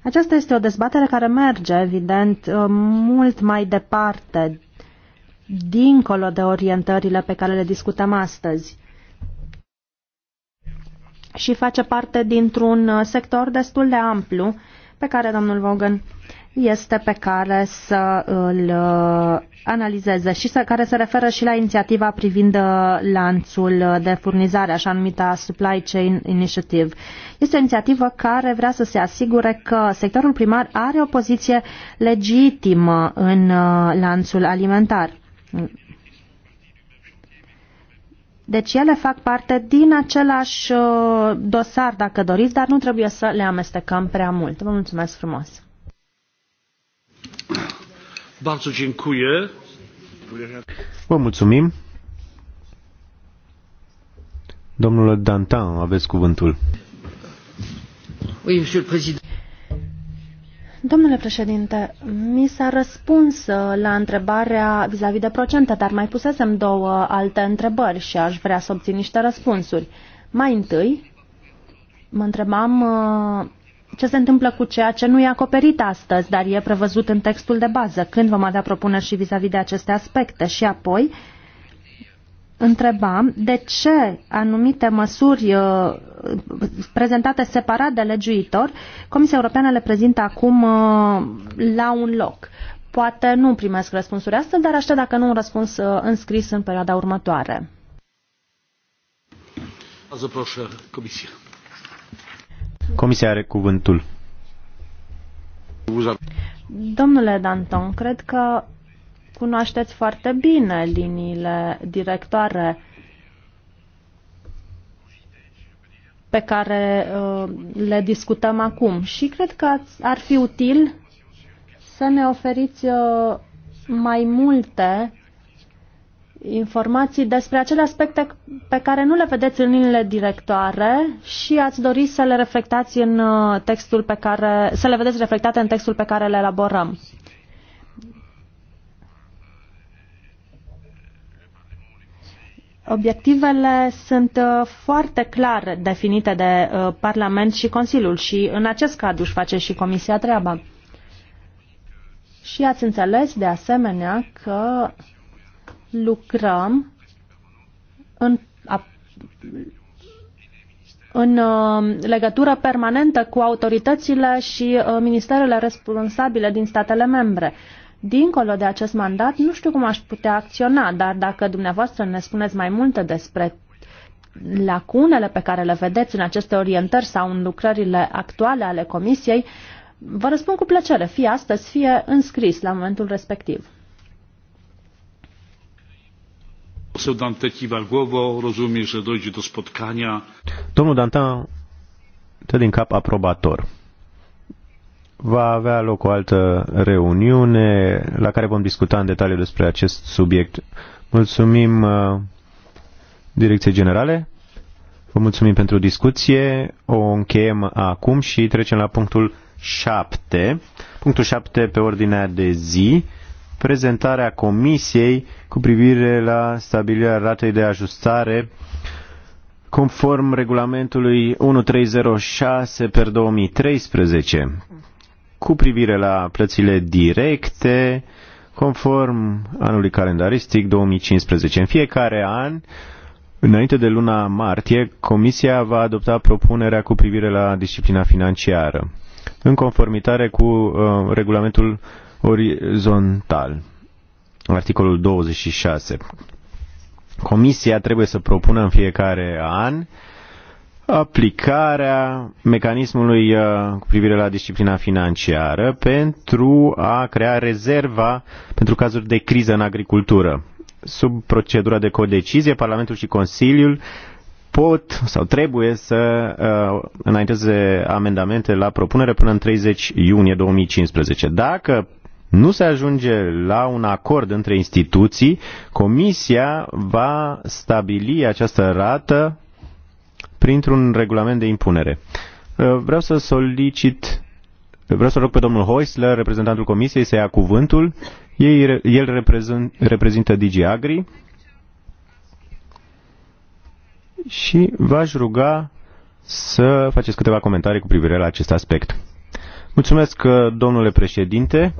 Aceasta este o dezbatere care merge, evident, uh, mult mai departe, dincolo de orientările pe care le discutăm astăzi și face parte dintr-un uh, sector destul de amplu pe care domnul Vaughan este pe care să îl uh, analizeze și să, care se referă și la inițiativa privind uh, lanțul de furnizare, așa numita Supply Chain Initiative. Este o inițiativă care vrea să se asigure că sectorul primar are o poziție legitimă în uh, lanțul alimentar. Deci ele fac parte din același dosar, dacă doriți, dar nu trebuie să le amestecăm prea mult. Vă mulțumesc frumos! Bardzo dziękuję. Vă mulțumim. Domnule Dantin, aveți cuvântul. Oui, monsieur le président. Domnule președinte, mi s-a răspuns uh, la întrebarea vis-a-vis de procente, dar mai pusesem două alte întrebări și aș vrea să obțin niște răspunsuri. Mai întâi, mă întrebam uh, ce se întâmplă cu ceea ce nu e acoperit astăzi, dar e prevăzut în textul de bază, când vom avea propuneri și vis-a-vis -vis de aceste aspecte și apoi întrebam: de ce anumite măsuri uh, prezentate separat de legiuitor, Comisia Europeană le prezintă acum uh, la un loc. Poate nu primesc răspunsuri astăzi, dar aștept dacă nu un răspuns uh, înscris în perioada următoare. Bardzo proszę, Comisia. Comisia are cuvântul. Domnule Danton, cred că cunoașteți foarte bine liniile directoare pe care uh, le discutăm acum și cred că ar fi util să ne oferiți uh, mai multe informații despre acele aspecte pe care nu le vedeți în liniile directoare și ați dori să le reflectați în uh, textul pe care, să le vedeți reflectate în textul pe care le elaborăm. Obiectivele sunt uh, foarte clar definite de uh, Parlament și Consiliul și în acest cadru își face și Comisia treaba. Și ați înțeles de asemenea că lucrăm în, a, în uh, legătură permanentă cu autoritățile și uh, ministerele responsabile din statele membre. Dincolo de acest mandat, nu știu cum aș putea acționa, dar dacă dumneavoastră ne spuneți mai multe despre lacunele pe care le vedeți în aceste orientări sau în lucrările actuale ale Comisiei, vă răspund cu plăcere, fie astăzi, fie înscris la momentul respectiv. Domnul Dantan, te din cap aprobator. Va avea loc o altă reuniune la care vom discuta în detaliu despre acest subiect. Mulțumim uh, Direcției Generale. Vă mulțumim pentru discuție. O încheiem acum și trecem la punctul 7. Punctul 7 pe ordinea de zi prezentarea Comisiei cu privire la stabilirea ratei de ajustare conform regulamentului 1306 per 2013 cu privire la plățile directe conform anului calendaristic 2015. În fiecare an, înainte de luna martie, Comisia va adopta propunerea cu privire la disciplina financiară în conformitate cu uh, regulamentul orizontal. Articolul 26. Comisia trebuie să propună în fiecare an aplicarea mecanismului uh, cu privire la disciplina financiară pentru a crea rezerva pentru cazuri de criză în agricultură. Sub procedura de codecizie, Parlamentul și Consiliul pot sau trebuie să uh, înainteze amendamente la propunere până în 30 iunie 2015. Dacă nu se ajunge la un acord între instituții, Comisia va stabili această rată printr-un regulament de impunere. Uh, vreau să solicit, vreau să rog pe domnul Hoisler, reprezentantul Comisiei, să ia cuvântul. Ei, el reprezent, reprezintă DG Agri și v-aș ruga să faceți câteva comentarii cu privire la acest aspect. Mulțumesc, uh, domnule președinte.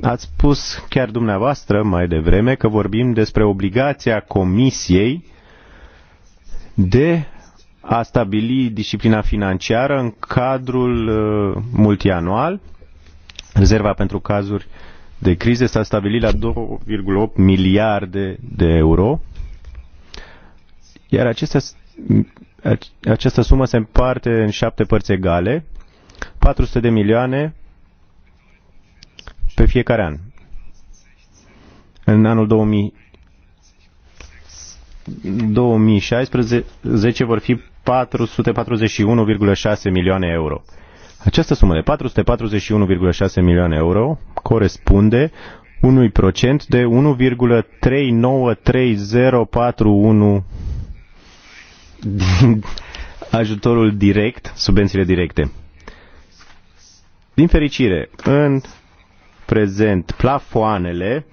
Ați spus chiar dumneavoastră mai devreme că vorbim despre obligația Comisiei de a stabili disciplina financiară în cadrul uh, multianual. Rezerva pentru cazuri de crize s-a stabilit la 2,8 miliarde de euro, iar acestea, această sumă se împarte în șapte părți egale, 400 de milioane pe fiecare an. În anul 2000, 2016 vor fi 441,6 milioane euro. Această sumă de 441,6 milioane euro corespunde unui procent de 1,393041 din ajutorul direct, subvențiile directe. Din fericire, în prezent plafoanele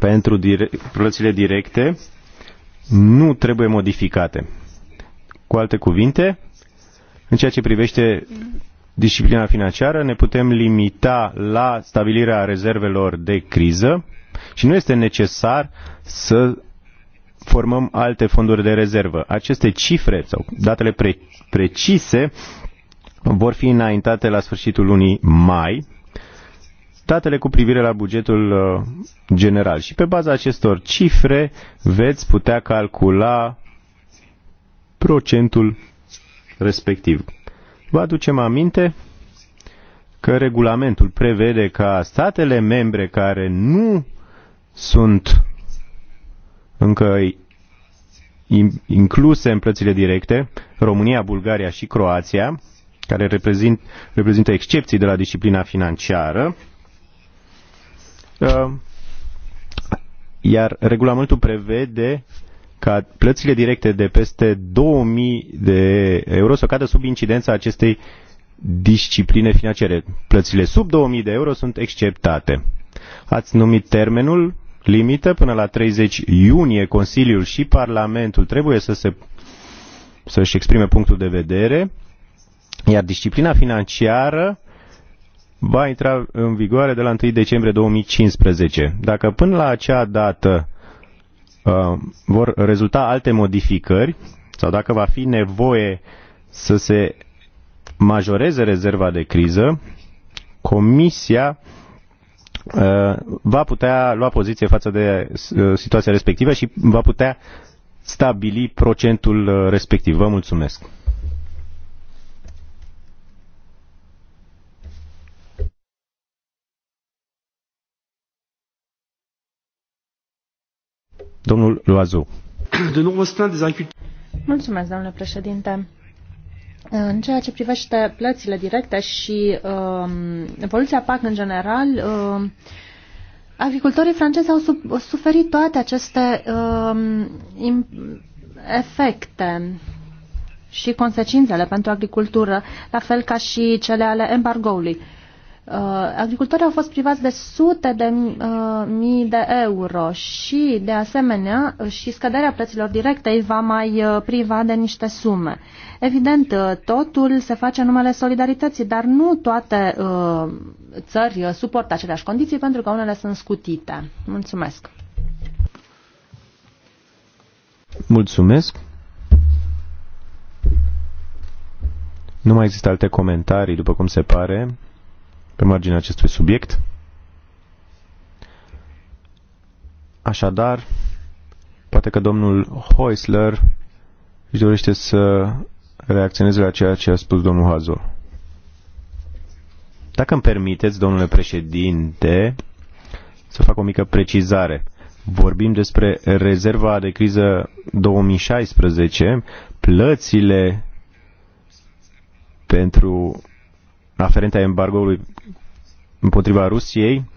pentru direct, plățile directe nu trebuie modificate. Cu alte cuvinte, în ceea ce privește disciplina financiară, ne putem limita la stabilirea rezervelor de criză și nu este necesar să formăm alte fonduri de rezervă. Aceste cifre sau datele pre- precise vor fi înaintate la sfârșitul lunii mai rezultatele cu privire la bugetul uh, general. Și pe baza acestor cifre veți putea calcula procentul respectiv. Vă aducem aminte că regulamentul prevede ca statele membre care nu sunt încă incluse în plățile directe, România, Bulgaria și Croația, care reprezint, reprezintă excepții de la disciplina financiară, Ehm, iar regulamentul prevede ca plățile directe de peste 2000 de euro să cadă sub incidența acestei discipline financiare. Plățile sub 2000 de euro sunt exceptate. Ați numit termenul limită până la 30 iunie Consiliul și Parlamentul trebuie să se să-și exprime punctul de vedere, iar disciplina financiară va intra în vigoare de la 1 decembrie 2015. Dacă până la acea dată uh, vor rezulta alte modificări sau dacă va fi nevoie să se majoreze rezerva de criză, Comisia uh, va putea lua poziție față de uh, situația respectivă și va putea stabili procentul uh, respectiv. Vă mulțumesc! Domnul Loazu. Mulțumesc, domnule președinte. În ceea ce privește plățile directe și uh, evoluția PAC în general, uh, agricultorii francezi au su suferit toate aceste uh, efecte și consecințele pentru agricultură, la fel ca și cele ale embargoului. Uh, Uh, agricultorii au fost privați de sute de uh, mii de euro și, de asemenea, și scăderea preților directe îi va mai uh, priva de niște sume. Evident, uh, totul se face în numele solidarității, dar nu toate uh, țări uh, suportă aceleași condiții pentru că unele sunt scutite. Mulțumesc! Mulțumesc! Nu mai există alte comentarii, după cum se pare pe marginea acestui subiect. Așadar, poate că domnul Heusler își dorește să reacționeze la ceea ce a spus domnul Hazor. Dacă îmi permiteți, domnule președinte, să fac o mică precizare. Vorbim despre rezerva de criză 2016, plățile pentru aferente embargoului împotriva Rusiei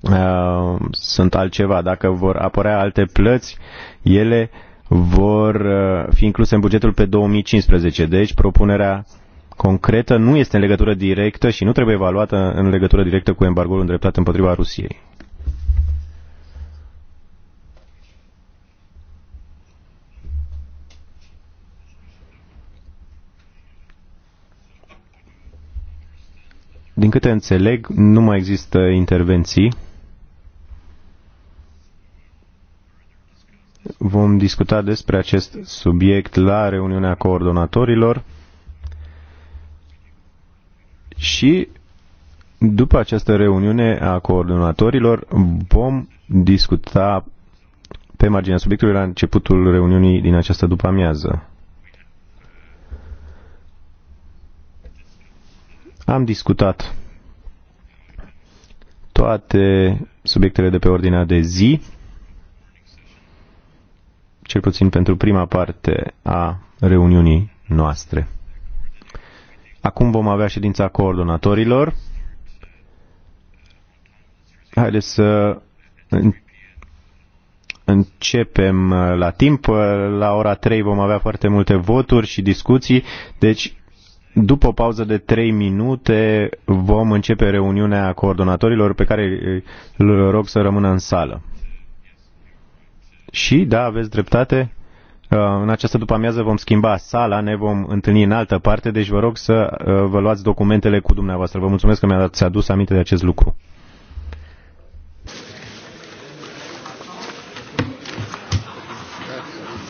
uh, sunt altceva. Dacă vor apărea alte plăți, ele vor uh, fi incluse în bugetul pe 2015. Deci propunerea concretă nu este în legătură directă și nu trebuie evaluată în legătură directă cu embargoul îndreptat împotriva Rusiei. Din câte înțeleg, nu mai există intervenții. Vom discuta despre acest subiect la reuniunea coordonatorilor și după această reuniune a coordonatorilor vom discuta pe marginea subiectului la începutul reuniunii din această după amiază. Am discutat toate subiectele de pe ordinea de zi, cel puțin pentru prima parte a reuniunii noastre. Acum vom avea ședința coordonatorilor. Haideți să începem uh, la timp. Uh, la ora 3 vom avea foarte multe voturi și discuții, deci după o pauză de 3 minute vom începe reuniunea coordonatorilor pe care îl rog să rămână în sală. Și, da, aveți dreptate, uh, în această după-amiază vom schimba sala, ne vom întâlni în altă parte, deci vă rog să uh, vă luați documentele cu dumneavoastră. Vă mulțumesc că mi-ați adus aminte de acest lucru.